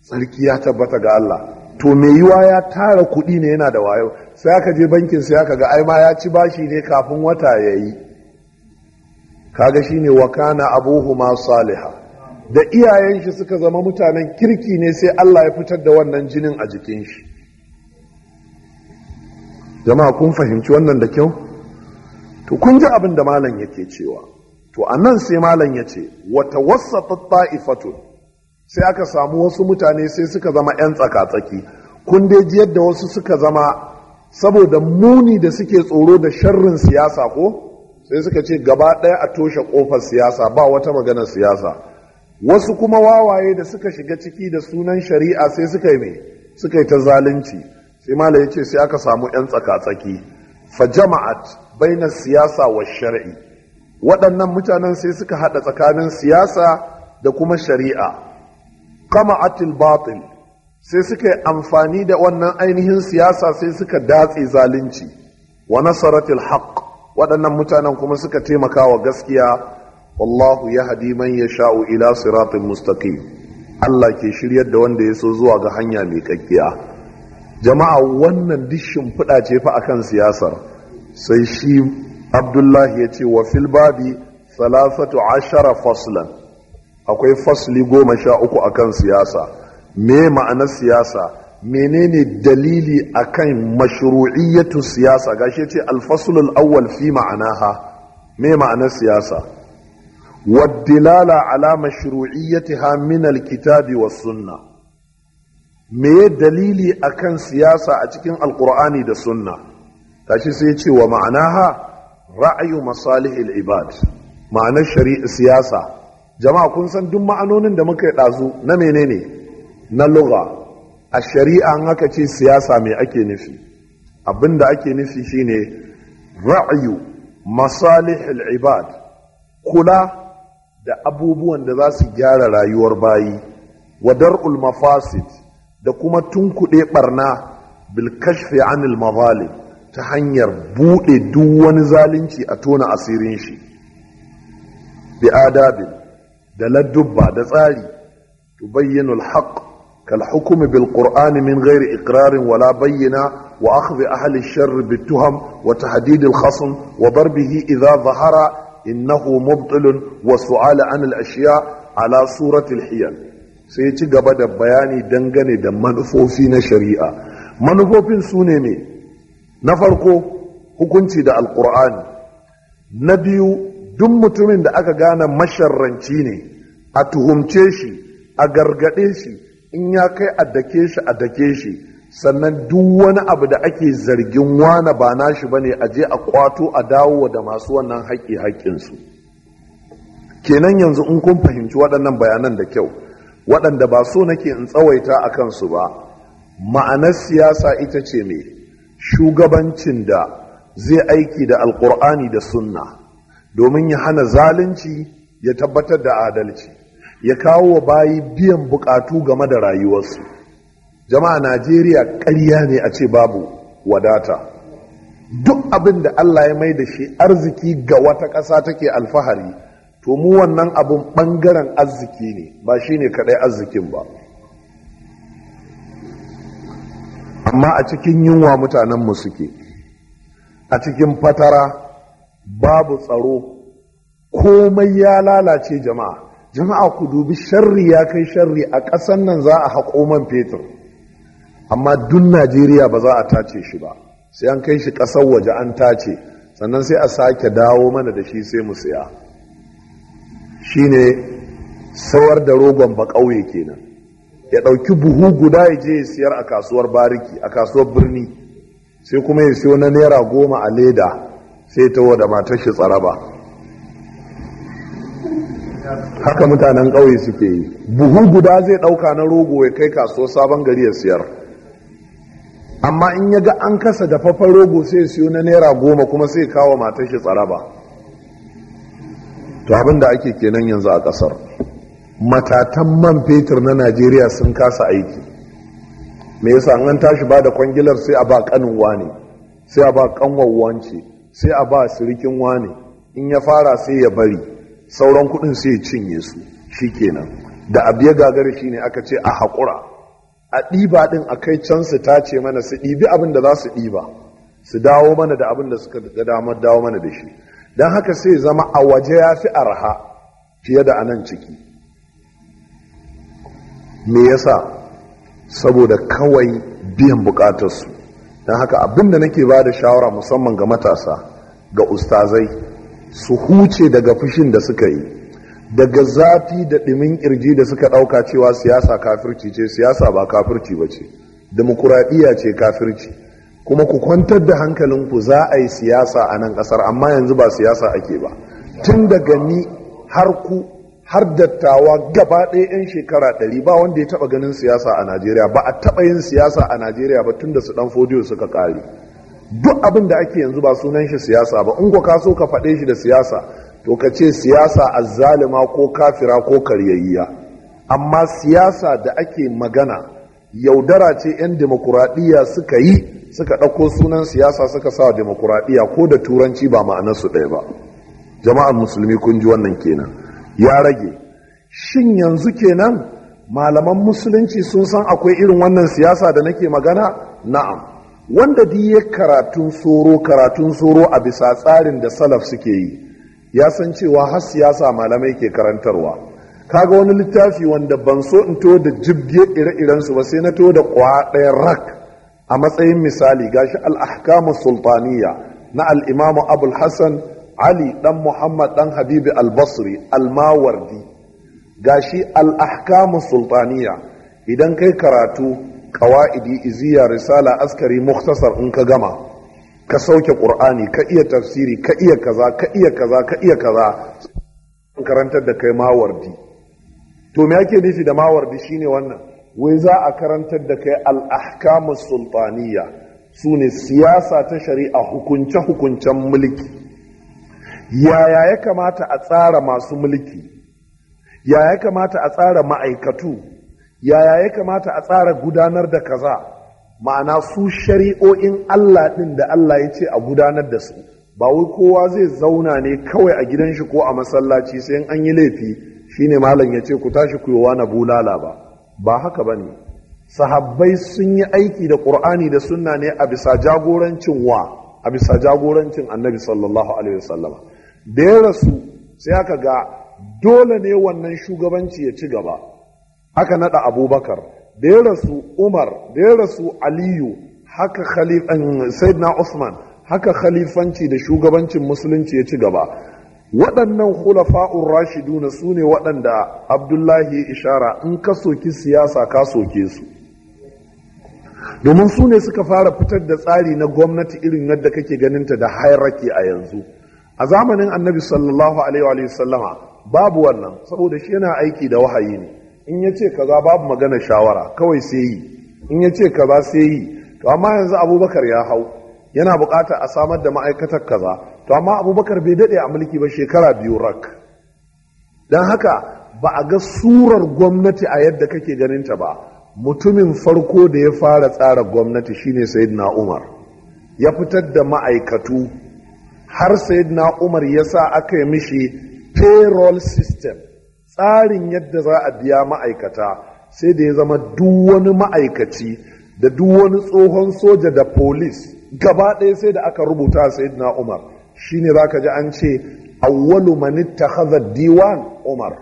sarki ya tabbata ga Allah to mai yiwa ya tara kuɗi ne yana da wayo sai aka je bankin sai aka ga ai ma ya ci bashi ne kafin wata ya yi kaga shine wa kana abuhuma saliha da iyayen shi suka zama mutanen kirki ne sai Allah ya fitar da wannan jinin a jikin shi jama'a kun fahimci wannan da kyau to kun ji abin da malam yake cewa to nan sai malam ya ce wata wasatat ta'ifatun sai aka samu wasu mutane sai suka zama 'yan tsaka-tsaki kun dai ji yadda wasu suka zama saboda muni da suke tsoro da sharrin siyasa ko sai suka ce gaba ɗaya a toshe ƙofar siyasa ba wata magana siyasa wasu kuma wawaye da suka shiga ciki da sunan shari'a sai suka yi mai suka yi ta zalunci sai mala ya ce sai aka samu 'yan tsaka-tsaki fa jama'at baina siyasa wa shari'i waɗannan mutanen sai suka haɗa tsakanin siyasa da kuma shari'a kama atil batil sai suka yi amfani da wannan ainihin siyasa sai suka datse zalunci wa nasaratul haqq waɗannan mutanen kuma suka taimaka wa gaskiya wallahu ya hadi man ya sha'u ila siratin mustaqim Allah ke shiryar da wanda ya so zuwa ga hanya mai kakkiya jama'a wannan dishin fuda ce fa akan siyasar sai shi abdullahi ya ce wa fil babi salasatu ashara faslan akwai fasli goma sha uku akan siyasa me ma'anar siyasa menene dalili akan mashru'iyyatu siyasa gashi ce alfaslul awwal fi ma'anaha me ma'anar siyasa waddilala ala mashru'iyyatiha min alkitabi was sunna me dalili akan siyasa a cikin alqur'ani da sunna gashi sai ce wa ma'anaha ra'ayu masalihil ibad ma'anar shari'a siyasa jama'a kun san duk ma'anonin da muka yi ɗazu na menene na lugha a shari'a an haka ce siyasa mai ake nufi abinda ake nufi shine ra'ayu masalihul ibad kula da abubuwan da za su gyara rayuwar bayi wadar ulmafasid da kuma tunkuɗe ɓarna bilkashfe anil mazalim ta hanyar buɗe duk wani zalunci a tona asirin shi bi adabin da ladubba da tsari tubayyanul haqq كالحكم بالقرآن من غير إقرار ولا بينة وأخذ أهل الشر بالتهم وتحديد الخصم وضربه إذا ظهر إنه مبطل والسؤال عن الأشياء على صورة الحيل sai ci gaba da bayani dangane da manufofi na shari'a manufofin sune ne na farko hukunci da alkur'ani na biyu duk mutumin da aka gane masharranci ne a tuhumce shi a gargaɗe shi in ya kai a dake shi a dake shi sannan duk wani abu da ake zargin wana ba nashi ne a je a kwato a dawo da masu wannan haƙƙi haƙƙinsu kenan yanzu in kun fahimci waɗannan bayanan da kyau waɗanda ba so nake in tsawaita a kansu ba ma'anar siyasa ita ce mai shugabancin da zai aiki da alƙur'ani da sunna domin ya hana zalunci ya tabbatar da adalci ya kawo wa bayi biyan bukatu game da rayuwarsu jama'a najeriya ƙarya ne a ce babu wadata duk abin da allah ya mai da shi arziki ga wata ƙasa take alfahari to mu wannan abin ɓangaren arziki ne ba shi ne kaɗai arzikin ba amma a cikin yunwa mutanenmu suke a cikin fatara babu tsaro komai ya lalace jama'a jama'a ku dubi sharri ya kai sharri a ƙasan nan za a haƙo man fetur amma duk najeriya ba za a tace shi ba sai an kai shi ƙasar waje an tace sannan sai a sake dawo mana da shi sai mu siya shine sawar da rogon ba ƙauye kenan ya ɗauki buhu guda ya je ya siyar a kasuwar bariki a kasuwar birni sai kuma ya siyo na naira goma a leda sai ta wada matar shi tsaraba haka mutanen ƙauye suke yi buhu guda zai ɗauka na rogo ya kai kasuwar sabon gari ya siyar amma in ya ga an kasa dafaffen rogo sai siyo na naira goma kuma sai kawo matar shi tsaraba to abin da ake kenan yanzu a ƙasar matatan man fetur na najeriya sun kasa aiki me yasa an tashi ba da kwangilar sai a ba kanin wane sai a ba kanwan wance sai a ba sirikin wane in ya fara sai ya bari sauran kudin sai cinye su shi kenan da abu ya gagara shi ne aka ce a haƙura a ɗiba ɗin a kai can su tace mana su ɗibi abin da za su ɗiba su dawo mana da abin da suka ga damar dawo mana da shi don haka sai zama a waje ya fi arha fiye da anan ciki me yasa saboda kawai biyan bukatarsu don haka abin da nake ba da shawara musamman ga matasa ga ustazai su huce daga fushin da suka yi daga zafi da ɗimin ƙirji da suka ɗauka cewa siyasa kafirci ce siyasa ba kafirci ba ce demokuraɗiyya ce kafirci kuma ku kwantar da hankalinku za a yi siyasa a nan ƙasar amma yanzu ba siyasa ake ba tun daga ni har ku har dattawa gaba ɗaya 'yan shekara ɗari ba wanda ya taɓa ganin siyasa a najeriya ba a taɓa yin siyasa a najeriya ba tun da su ɗan fodiyo suka ƙare duk abin da ake yanzu ba sunan shi siyasa ba in ko ka so ka faɗe shi da siyasa to ka ce siyasa azzalima ko kafira ko karyayya amma siyasa da ake magana yaudara ce 'yan demokuraɗiyya suka yi suka ɗauko sunan siyasa suka sa demokuraɗiyya ko da turanci ba ma'anarsu ɗaya ba jama'ar musulmi kun ji wannan kenan ya rage shin yanzu kenan malaman musulunci sun san akwai irin wannan siyasa da nake magana na'am wanda duk ya karatun soro karatun soro a bisa tsarin da salaf suke yi ya san cewa har siyasa malamai ke karantarwa kaga wani littafi wanda ban so in to da jibge ire-iren su ba sai na to da kwa ɗaya rak a matsayin misali gashi al-ahkamu sultaniya na al-imamu abul hasan ali dan muhammad dan habibi al-basri al-mawardi gashi al-ahkamu sultaniya idan kai karatu qawaidi iziya risala askari mukhtasar in ka gama ka sauke qur'ani ka iya tafsiri ka iya kaza ka iya kaza ka iya kaza karantar da kai mawardi to me ake nufi da mawardi shine wannan wai za a karantar da kai al-ahkamus sultaniya sune siyasa ta shari'a hukunce hukuncen mulki yaya ya kamata a tsara masu mulki Yaya ya kamata a tsara ma'aikatu yaya ya kamata a tsara gudanar da kaza ma'ana su shari'o'in Allah ɗin da Allah ya ce a gudanar da su ba wai kowa zai zauna ne kawai a gidan shi ko a masallaci sai in an yi laifi shine malam ya ce ku tashi ku yiwa na bulala ba ba haka bane sahabbai sun yi aiki da ƙur'ani da sunna ne a bisa jagorancin wa a bisa jagorancin annabi sallallahu alaihi wasallama da ya rasu sai aka ga dole ne wannan shugabanci ya ci gaba haka naɗa abubakar da ya rasu umar da ya rasu aliyu haka eh, na usman haka khalifanci da shugabancin musulunci ya ci gaba waɗannan khulafa'ur rashiduna su ne waɗanda abdullahi ishara in ka soki siyasa ka soke su domin su ne suka fara fitar da tsari na gwamnati irin yadda kake ganinta da hierarchy a yanzu a zamanin annabi sallallahu alaihi wa sallama babu wannan saboda shi yana aiki da wahayi ne in ya ce kaza babu magana shawara kawai sai yi in ya ce kaza sai yi to amma yanzu abubakar ya hau yana buƙatar a samar da ma'aikatar kaza to amma abubakar bai daɗe a mulki ba shekara biyu rak don haka ba a ga surar gwamnati a yadda kake ganin ta ba mutumin farko da ya fara tsara gwamnati shine sayyidina umar ya fitar da ma'aikatu har sayyidina umar ya sa aka yi mishi payroll system tsarin yadda za a biya ma'aikata sai da ya zama duk wani ma'aikaci da duk wani tsohon soja da polis gaba ɗaya sai da aka rubuta sai na umar shi ne za ka ji an ce awwalu ta haza diwan umar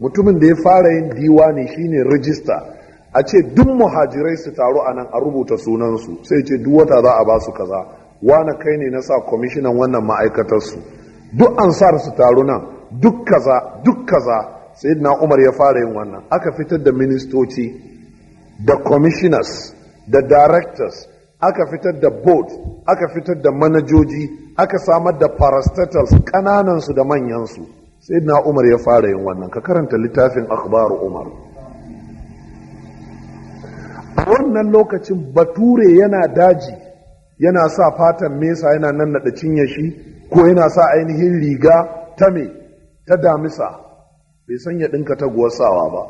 mutumin da ya fara yin diwa diwani ne rijista a ce duk muhajirai su taru a nan a rubuta sunansu sai ce duk wata za a ba su kaza wane kai ne na sa kwamishinan wannan ma'aikatarsu duk ansar su taru nan duk kaza duk kaza sayyidina umar ya fara yin wannan aka fitar da ministoci da commissioners da directors aka fitar da board aka fitar da manajoji aka samar da parastatals kananansu da manyansu sayyidina umar ya fara yin wannan ka karanta littafin akabar umar a wannan lokacin bature yana daji yana sa fatan mesa yana nan naɗa cinye shi ko yana sa ainihin riga ta me ta damisa bai san ya ɗinka taguwar sawa ba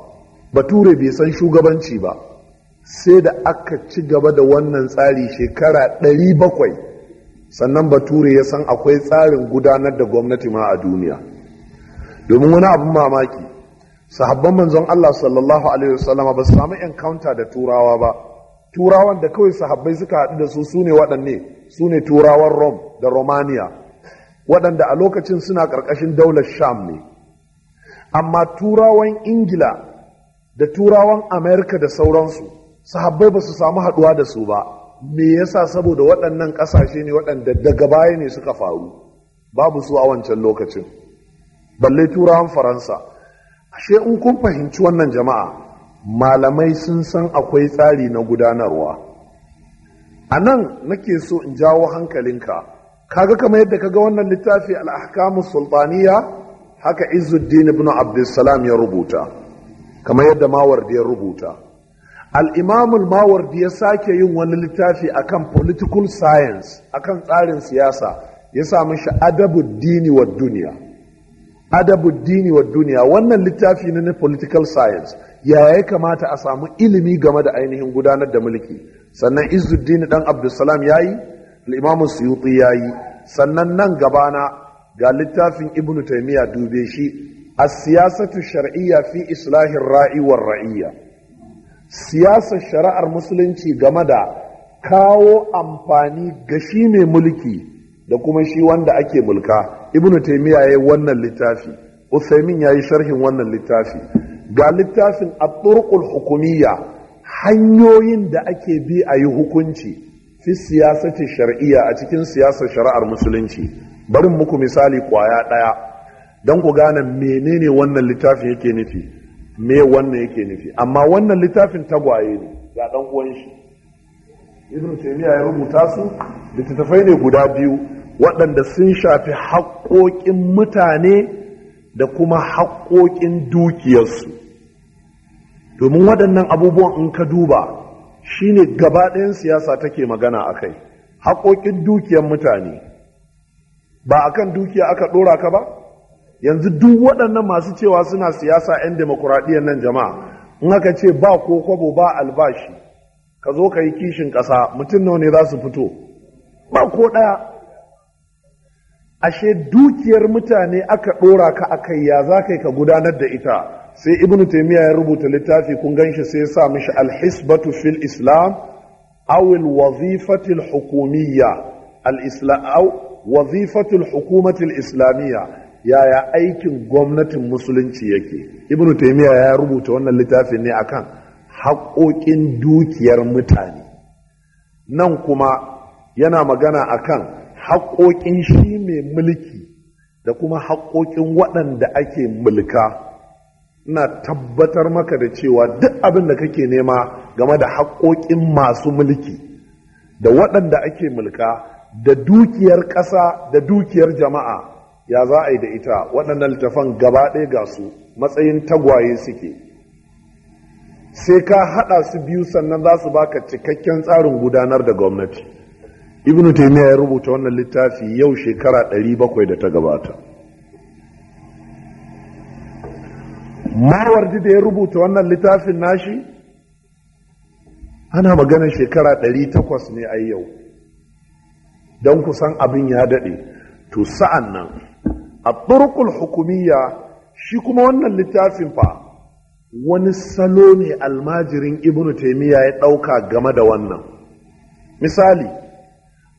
bature bai san shugabanci ba sai da aka ci gaba da wannan tsari shekara 700 sannan bature ya san akwai tsarin gudanar da gwamnati ma a duniya domin wani abin mamaki sahabban manzon Allah sallallahu alaihi wasallama ba su samu encounter da turawa ba turawan da kawai sahabbai suka haɗu da su sune waɗanne sune turawan Rom da Romania waɗanda a lokacin suna ƙarƙashin daular Sham ne amma turawan ingila da turawan amerika da sauransu sahabbai ba su samu haɗuwa da su ba me yasa saboda waɗannan ƙasashe ne waɗanda daga baya ne suka faru babu su a wancan lokacin balle turawan faransa ashe in kun fahimci wannan jama'a malamai sun san akwai tsari na gudanarwa a nan nake so in jawo hankalinka kaga kamar yadda kaga wannan littafi al sultaniya haka izuddin ibn abdulsalam ya rubuta kamar yadda mawardi ya rubuta al'imamul mawardi ya sake yin wani littafi akan political science akan tsarin siyasa ya sami shi adabuddini wa duniya adabuddini wa duniya wannan littafi ne na political science ya ya kamata a samu ilimi game da ainihin gudanar da mulki sannan izuddin dan abdulsalam ya yi Al'imamul suyuti ya yi sannan nan gabana ga littafin ibn taimiyya dube shi a siyasatu shar'iyya fi islahin ra'i war ra'iyya siyasar shari'ar musulunci game da kawo amfani ga shi mai mulki da kuma shi wanda ake mulka ibn ibnu ya yi wannan littafi usaimin yi sharhin wannan littafi ga littafin a turkul hukumiyya hanyoyin da ake bi a yi hukunci fi siyasar shar'iyya a cikin siyasar shari'ar musulunci barin muku misali kwaya ɗaya don ku gane menene wannan littafin yake nufi me wannan yake nufi amma wannan littafin tagwaye ne ga ɗan uwan shi ibn taymiya ya rubuta su littattafai ne guda biyu waɗanda sun shafi haƙoƙin mutane da kuma haƙoƙin dukiyarsu domin waɗannan abubuwan in ka duba shine gaba ɗayan siyasa take magana a kai haƙoƙin dukiyar mutane ba a kan dukiya aka ɗora ka ba yanzu duk waɗannan masu cewa suna siyasa 'yan demokuraɗiyyar nan jama'a in aka ce ba ko kwabo ba albashi ka zo ka yi kishin ƙasa mutum nawa ne za su fito ba ko ɗaya ashe dukiyar mutane aka ɗora ka a kai ya za ka gudanar da ita sai ibnu taimiyya ya rubuta littafi kun ganshi sai ya sa mishi alhisbatu fil islam awil wazifatil hukumiyya wazifatul hukumatul islamiyya yaya aikin gwamnatin musulunci yake ibnu taymiya ya rubuta wannan littafin ne akan haƙoƙin dukiyar mutane nan kuma yana magana akan haƙoƙin shi mai mulki da kuma haƙoƙin waɗanda ake mulka ina tabbatar maka da cewa duk abin da kake nema game da haƙoƙin masu mulki da waɗanda ake mulka da dukiyar ƙasa da dukiyar jama'a ya za a yi da ita waɗannan littafan gaba ɗaya ga su matsayin tagwaye suke sai ka haɗa su biyu sannan za su baka cikakken tsarin gudanar da gwamnati ibn taymiya ya rubuta wannan littafi yau shekara 700 da ta gabata mawardi da ya rubuta wannan littafin nashi ana maganar shekara 800 ne a yau don kusan abin ya daɗe to sa'an nan a turkul hukumiyya shi kuma wannan littafin fa wani salo ne almajirin ibnu taimiyya ya ɗauka game da wannan misali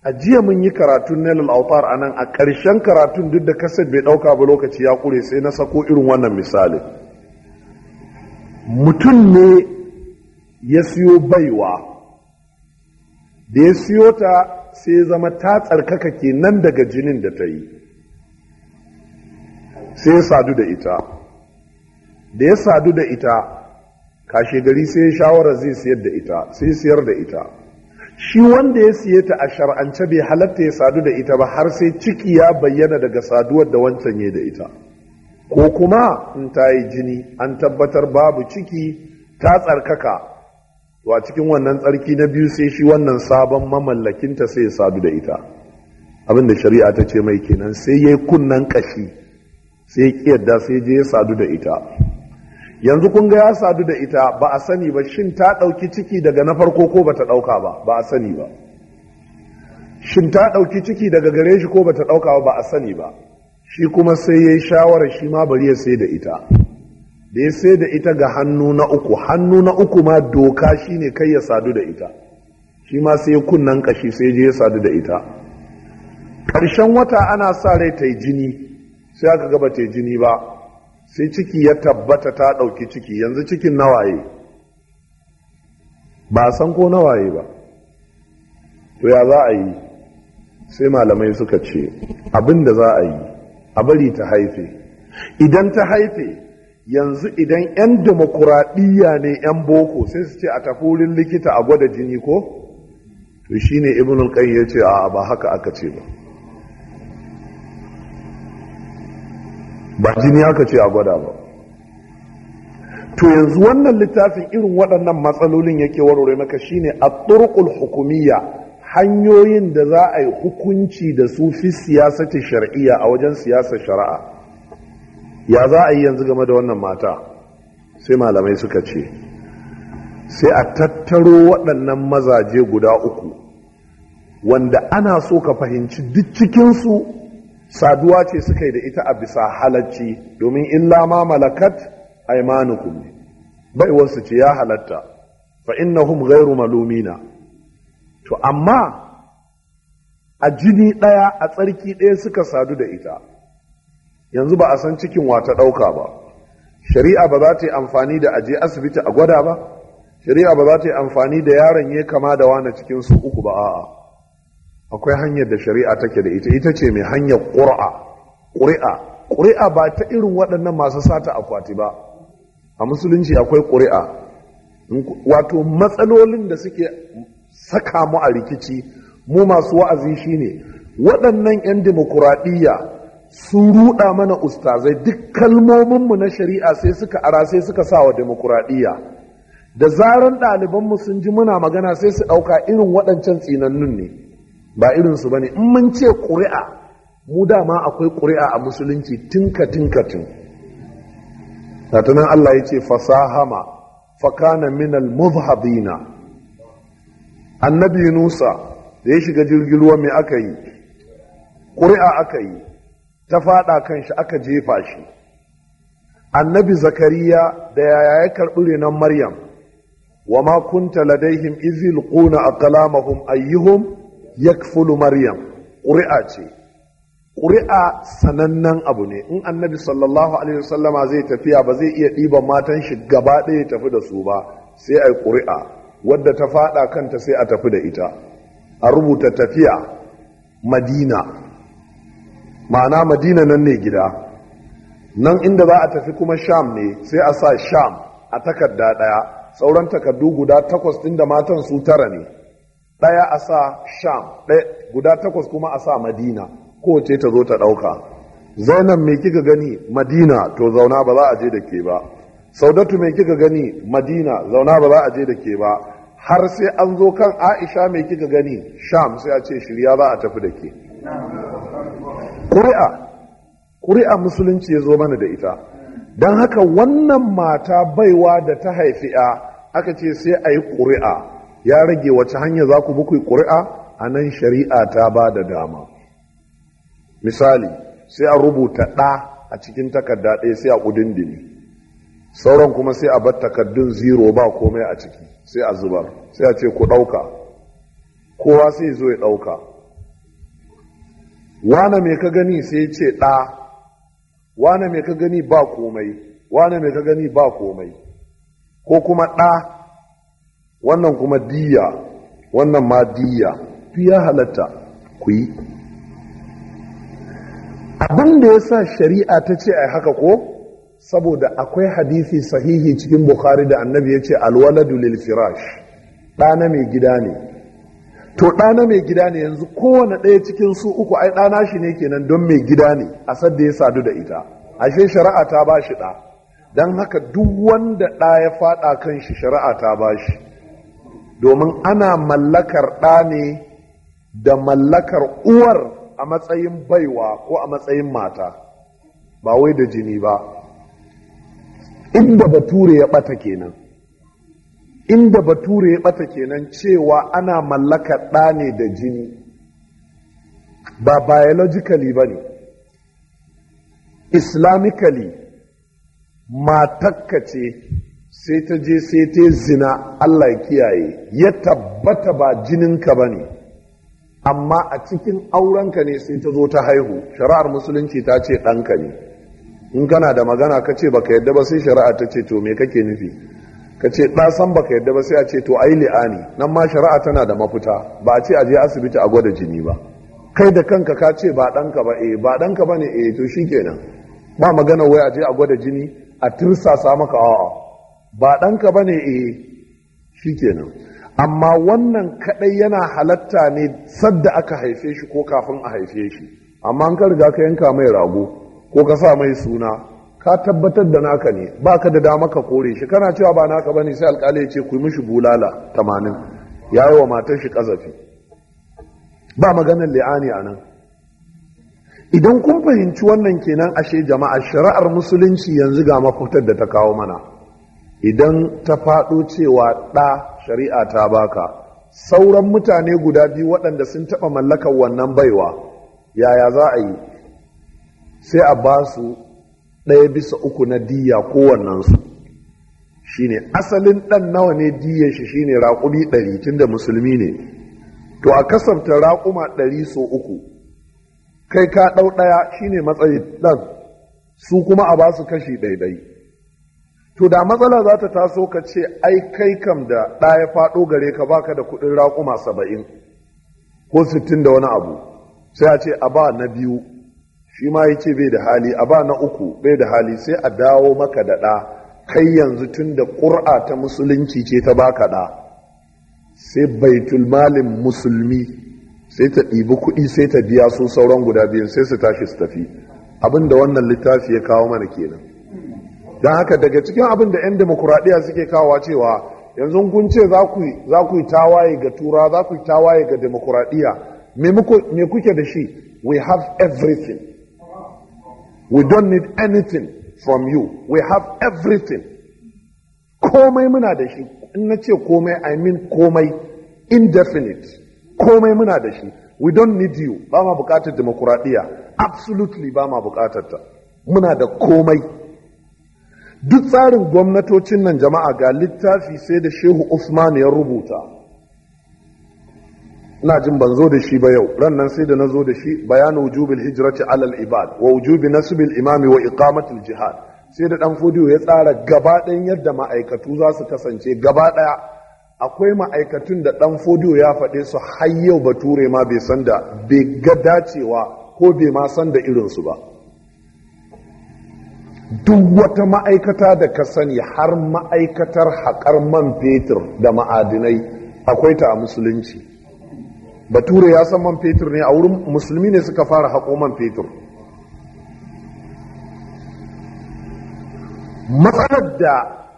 a jiya mun yi karatun nelal autar a nan a ƙarshen karatun duk da kasar bai ɗauka ba lokaci ya ƙure sai na sako irin wannan misali mutum ne ya siyo baiwa da ya siyo ta sai zama ta tsarkaka nan daga jinin da ta yi sai ya sadu da ita da ya sadu da ita kashe gari sai ya shawara zai siyar da ita sai sayar da ita shi wanda ya siye ta a shar'ance bai halatta ya sadu da ita ba har sai ciki ya bayyana daga saduwar da wancan ya da ita ko kuma in ta yi jini an tabbatar babu ciki ta tsarkaka to a cikin wannan tsarki na biyu sai shi wannan sabon mamallakinta sai ya sadu da ita abin da shari'a ta ce mai kenan sai ya yi kunnan kashi sai ya kiyarda sai je ya sadu da ita yanzu kun ga ya sadu da ita ba a sani ba shin ta ɗauki ciki daga na farko ko ba ta ɗauka ba ba a sani ba shin ta ɗauki ciki daga gare shi ko ba ta ɗauka ba ba a sani ba shi kuma sai ya yi shawarar shi ma bari ya sai da ita da ya sai da ita ga hannu na uku hannu na uku ma doka shine kai ya sadu da ita shi ma sai kunnan kashi sai je ya sadu da ita ƙarshen wata ana sa rai ta jini sai aka gaba ta jini ba sai ciki ya tabbata ta ɗauki ciki yanzu cikin nawaye ba san ko nawaye ba to ya za a yi sai malamai suka ce abin da za a yi a bari ta haife idan ta haife yanzu idan 'yan demokuraɗiyya ne 'yan boko sai su ce a tafurin likita a gwada jini ko to shi ne ibinul ƙayyar ya ce a ba haka aka ce ba ba jini aka ce a gwada ba to yanzu wannan littafin irin waɗannan matsalolin yake warware maka shi ne a turkul hukumiyya hanyoyin da za a yi hukunci da su fi ta shari'a a wajen siyasar shari'a ya za a yi yanzu game da wannan mata sai malamai suka ce sai a tattaro waɗannan mazaje guda uku wanda ana so ka fahimci duk cikinsu saduwa ce suka yi da ita a bisa halarci domin illa ma malakat aimanukum ne wasu ce ya halatta fa innahum ghairu malumina to amma a jini ɗaya a tsarki ɗaya suka sadu da ita yanzu ba a san cikin wata ɗauka ba shari'a ba za ta yi amfani da aje asibiti a gwada ba shari'a ba za ta yi amfani da yaron ya kama da wani cikin su uku ba a'a akwai hanyar da shari'a take da ita ita ce mai hanyar ƙuri'a ƙuri'a ƙuri'a ba ta irin waɗannan masu sata akwati ba a musulunci akwai ƙuri'a wato matsalolin da suke saka mu a rikici mu masu wa'azi shine waɗannan 'yan demokuraɗiyya sun ruɗa mana ustazai duk kalmominmu na shari'a sai suka ara sai suka sa wa demokuraɗiyya da zaran ɗalibanmu sun ji muna magana sai su ɗauka irin waɗancan tsinannun ne ba irinsu ba ne in mun ce ƙuri'a mu dama akwai ƙuri'a a musulunci tinka tinka tun Allah ya ce fasahama fakana minal muzhabina annabi nusa da ya shiga jirgin ruwa me aka yi ƙuri'a aka yi ta faɗa kan shi aka jefa shi annabi zakariya da yaya ya karɓi renon maryam wa ma kunta ladaihim iz yulquna aqlamahum ayyuhum yakfulu maryam ƙuri'a ce ƙuri'a sanannen abu ne in annabi sallallahu alaihi wasallama zai tafiya ba zai iya ɗiban matan shi gaba ɗaya tafi da su ba sai a yi ƙuri'a wadda ta faɗa kanta sai a tafi da ita a rubuta tafiya madina ma'ana madina nan ne gida nan inda za a tafi kuma sham ne sai a sa sham a takarda ɗaya sauran takardu guda takwas ɗin da matan su tara ne ɗaya a sa sham guda takwas kuma a sa madina kowace ta zo ta ɗauka zainab mai kika gani madina to zauna ba za a je da ke ba saudatu mai kika gani madina zauna ba za a je da ke ba har sai an zo kan aisha mai kika gani sham sai a ce shirya za a tafi da ke ƙuri'a ƙuri'a musulunci ya zo mana da ita don haka wannan mata baiwa da ta haifi ya aka ce sai a yi ƙuri'a ya rage wace hanya za ku bukwai ƙuri'a a nan shari'a ta ba da dama misali sai a rubuta ɗa a cikin takarda ɗaya sai a ƙudindini sauran kuma sai a bar takardun ziro ba komai a ciki sai a zubar sai a ce ku ɗauka kowa sai zo ya ɗauka wane mai ka gani sai ce ɗa wane mai ka gani ba komai wane mai ka gani ba komai ko kuma ɗa wannan kuma diya wannan ma diya ya halatta ku yi abin da ya sa shari'a ta ce a haka ko saboda akwai hadisi sahihi cikin bukhari da annabi ya ce alwaladu lil firash ɗa mai gida ne to ɗana mai gida ne yanzu kowane ɗaya cikin su uku ai ɗana shi ne kenan don mai gida ne a sadda ya sadu da ita ashe shari'a ta ba shi ɗa don haka duk wanda ɗa ya faɗa kan shi shari'a ta ba shi domin ana mallakar ɗa ne da mallakar uwar a matsayin baiwa ko a matsayin mata ba wai da jini ba inda bature ya ɓata kenan inda bature ya bata kenan cewa ana mallaka ɗa ne da jini ba biologically ba ne islamically matakka ce sai ta je sai ta zina allah ya kiyaye ya tabbata ba jininka ba ne amma a cikin aurenka ne sai ta zo ta haihu shari'ar musulunci ta ce ɗanka ne in kana da magana ka ce baka yadda ba sai shari'a ta ce to me kake nufi ka ce ɗasan baka yadda ba sai a ce to ai li'ani nan ma shari'a tana da mafuta ba a ce a je asibiti a gwada jini ba kai da kanka ka ce ba ɗanka ba eh ba ɗanka ba ne eh to shikenan ba magana wai a je a gwada jini a tirsasa maka a'a ba ɗanka ba ne eh shikenan amma wannan kaɗai yana halatta ne sadda aka haife shi ko kafin a haife shi amma an ka riga ka yanka mai rago ko ka sa mai suna ka tabbatar da naka ne ba ka da dama ka kore shi kana cewa ba naka ba ne sai alƙali ya ce ku yi mishi bulala tamanin ya yi wa matar shi kazafi ba maganar li'ani a nan idan kun fahimci wannan kenan ashe jama'a shari'ar musulunci yanzu ga mafitar da ta kawo mana idan ta faɗo cewa ɗa shari'a ta baka sauran mutane guda biyu waɗanda sun taɓa mallakar wannan baiwa yaya za a yi sai a ba su ɗaya bisa uku na diya kowannensu ne asalin ɗan nawa ne diyan shi shine raƙumi ɗari tun da musulmi ne to a kasanta raƙuma ɗari so uku kai ka ɗau ɗaya shine matsayi ɗan su kuma a basu kashi ɗaiɗai to da matsala za ta taso ka ce ai kai kam da ɗaya faɗo gare ka baka da kuɗin raƙuma saba'in ko sittin da wani abu sai a ce a ba na biyu shi ma ya ce bai da hali a ba na uku bai da hali sai a dawo maka da ɗa kai yanzu tun da ƙura ta musulunci ce ta baka ɗa sai baitul malin musulmi sai ta ɗibi kuɗi sai ta biya su sauran guda biyu sai su tashi su tafi abin da wannan littafi ya kawo mana kenan don haka daga cikin abin da 'yan demokuraɗiyya suke kawo cewa yanzu kun ce za ku yi tawaye ga tura za ku yi tawaye ga demokuraɗiyya me kuke da shi we have everything We don't need anything from you. We have everything. Komai muna da shi. In na ce komai, I mean komai. Indefinite. Komai muna da shi. We don't need you. Ba ma bukatar demokuraɗiyya. Absolutely ba ma bukatar ta. Muna da komai. Duk tsarin gwamnatocin nan jama'a ga littafi sai da Shehu Usman ya rubuta. ina jin ban zo da shi ba yau ran nan sai da na zo da shi bayanu wujubil hijrati alal ibad wa wujubi nasbil imami wa al jihad sai da dan fodiyo ya tsara gaba ɗayan yadda ma'aikatu za su kasance gaba ɗaya akwai ma'aikatun da dan fodiyo ya faɗe su har yau Ture ma bai san da bai ga dacewa ko bai ma san da irin su ba duk wata ma'aikata da ka sani har ma'aikatar haƙar man fetur da ma'adinai akwai ta a musulunci bature ya san man fetur ne a wurin musulmi ne suka fara haƙo man fetur matsalar da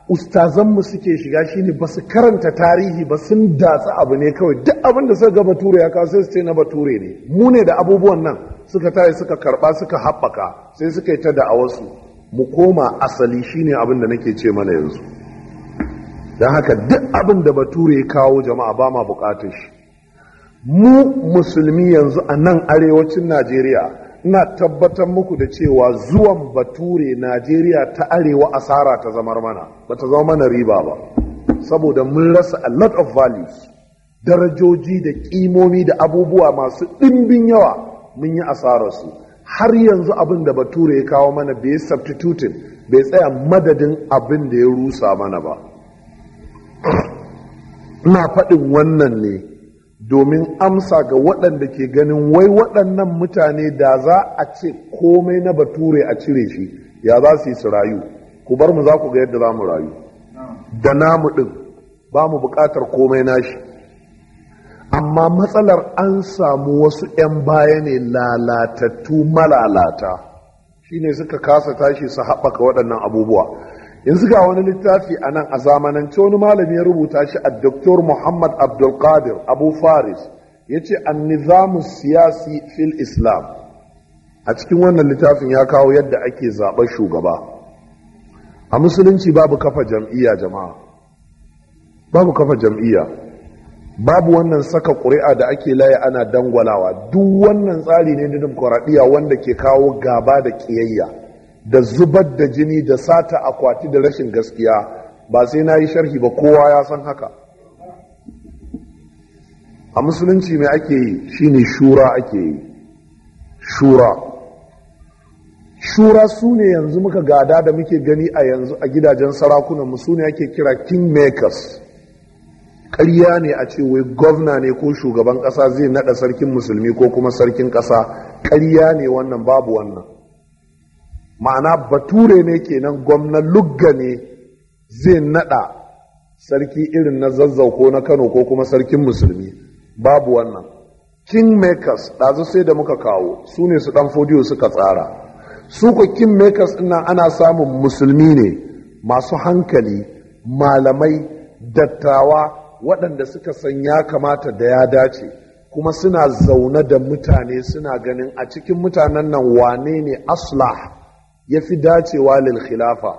ustazanmu suke shiga shine ba su karanta tarihi ba sun datsa abu ne kawai duk abin da suka ga bature ya kawo sai su ce na bature ne mu ne da abubuwan nan suka tare suka karba suka haɓaka sai suka yi ta da da'awarsu mu koma asali shine abin da nake ce mana yanzu don haka duk abin da bature ya kawo jama'a ba ma bukatar shi mu musulmi yanzu a nan arewacin najeriya ina tabbatar muku da cewa zuwan bature najeriya ta arewa asara ta zamar mana ba ta zama mana riba ba saboda mun rasa a lot of values darajoji da kimomi da abubuwa masu ɗimbin yawa mun yi asararsu har yanzu abin da bature ya kawo mana bai substituting bai tsaya madadin abin da ya rusa mana ba ina faɗin wannan ne domin amsa ga waɗanda ke ganin wai waɗannan mutane da za a ce komai na bature a cire shi ya za su yi su rayu ku bar mu za ku ga yadda za mu rayu da namu ɗin ba mu buƙatar komai nashi amma matsalar an samu wasu 'yan baya ne lalatattu malalata shine suka kasa tashi su haɓaka waɗannan abubuwa yanzu ga wani littafi a nan a zamanance wani malami ya rubuta shi a Dr. Muhammad Abdulkadir Abu Faris ya ce annizamu siyasi fil Islam a cikin wannan littafin ya kawo yadda ake zaɓar shugaba a musulunci babu kafa jam'iyya jama'a babu kafa jam'iyya babu wannan saka ƙuri'a da ake laye ana dangwalawa duk wannan tsari ne na dimokuraɗiyya wanda ke kawo gaba da ƙiyayya da zubar da jini da sata akwati da rashin gaskiya ba sai na yi sharhi ba kowa ya san haka a musulunci mai ake yi shine shura ake yi shura shura su ne yanzu muka gada da muke gani a yanzu a gidajen sarakunan su ne ake kira kingmakers Karya ne a ce wai gwamna ne ko shugaban ƙasa zai naɗa sarkin musulmi ko kuma sarkin ƙasa Karya ne wannan babu wannan ma'ana bature ne kenan gwamnan lugga ne zai nada sarki irin na zazzau ko na kano ko kuma sarkin musulmi babu wannan kingmakers ɗazu sai da muka kawo su ne su ɗan fodiyo suka tsara su ko kingmakers ɗin ana samun musulmi ne masu hankali malamai dattawa waɗanda suka san ya kamata da ya dace kuma suna zaune da mutane suna ganin a cikin mutanen nan wane ne aslah ya fi dacewa lil khilafa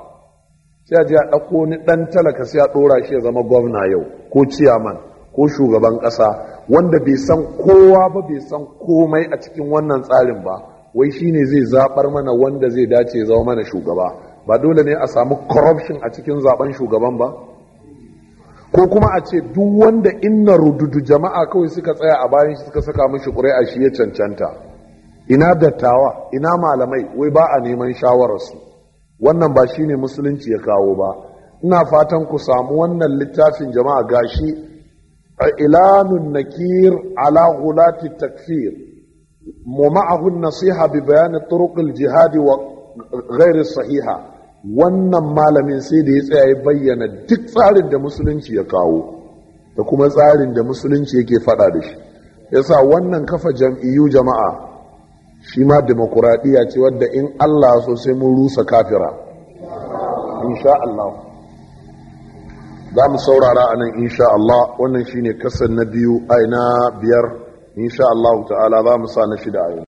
sai a ji a ɗauko ni ɗan talaka sai a ɗora shi ya zama gwamna yau ko ciyaman ko shugaban ƙasa wanda bai san kowa ba bai san komai a cikin wannan tsarin ba wai shine zai zaɓar mana wanda zai dace zama mana shugaba ba dole ne a samu corruption a cikin zaben shugaban ba ko kuma a ce duk wanda inna rududu jama'a kawai suka tsaya a bayan shi suka saka mashi a shi ya cancanta ina dattawa ina malamai wai ba a neman shawararsu wannan ba shi ne musulunci ya kawo ba ina fatan ku samu wannan littafin jama'a gashi ilanun nakir ala hulati takfir mu ma'ahu nasiha bi bayani turuqil jihadi wa ghairi sahiha wannan malamin sai da ya tsaya ya bayyana duk tsarin da musulunci ya kawo da kuma tsarin da musulunci yake fada da shi yasa wannan kafa jam'iyyu jama'a shi ma demokuraɗiyya ce wadda in allah so sai mun rusa kafira insha allah za mu saurara a nan insha allah wannan shine kasan na biyu aina biyar insha allah ta'ala za mu sa na shida a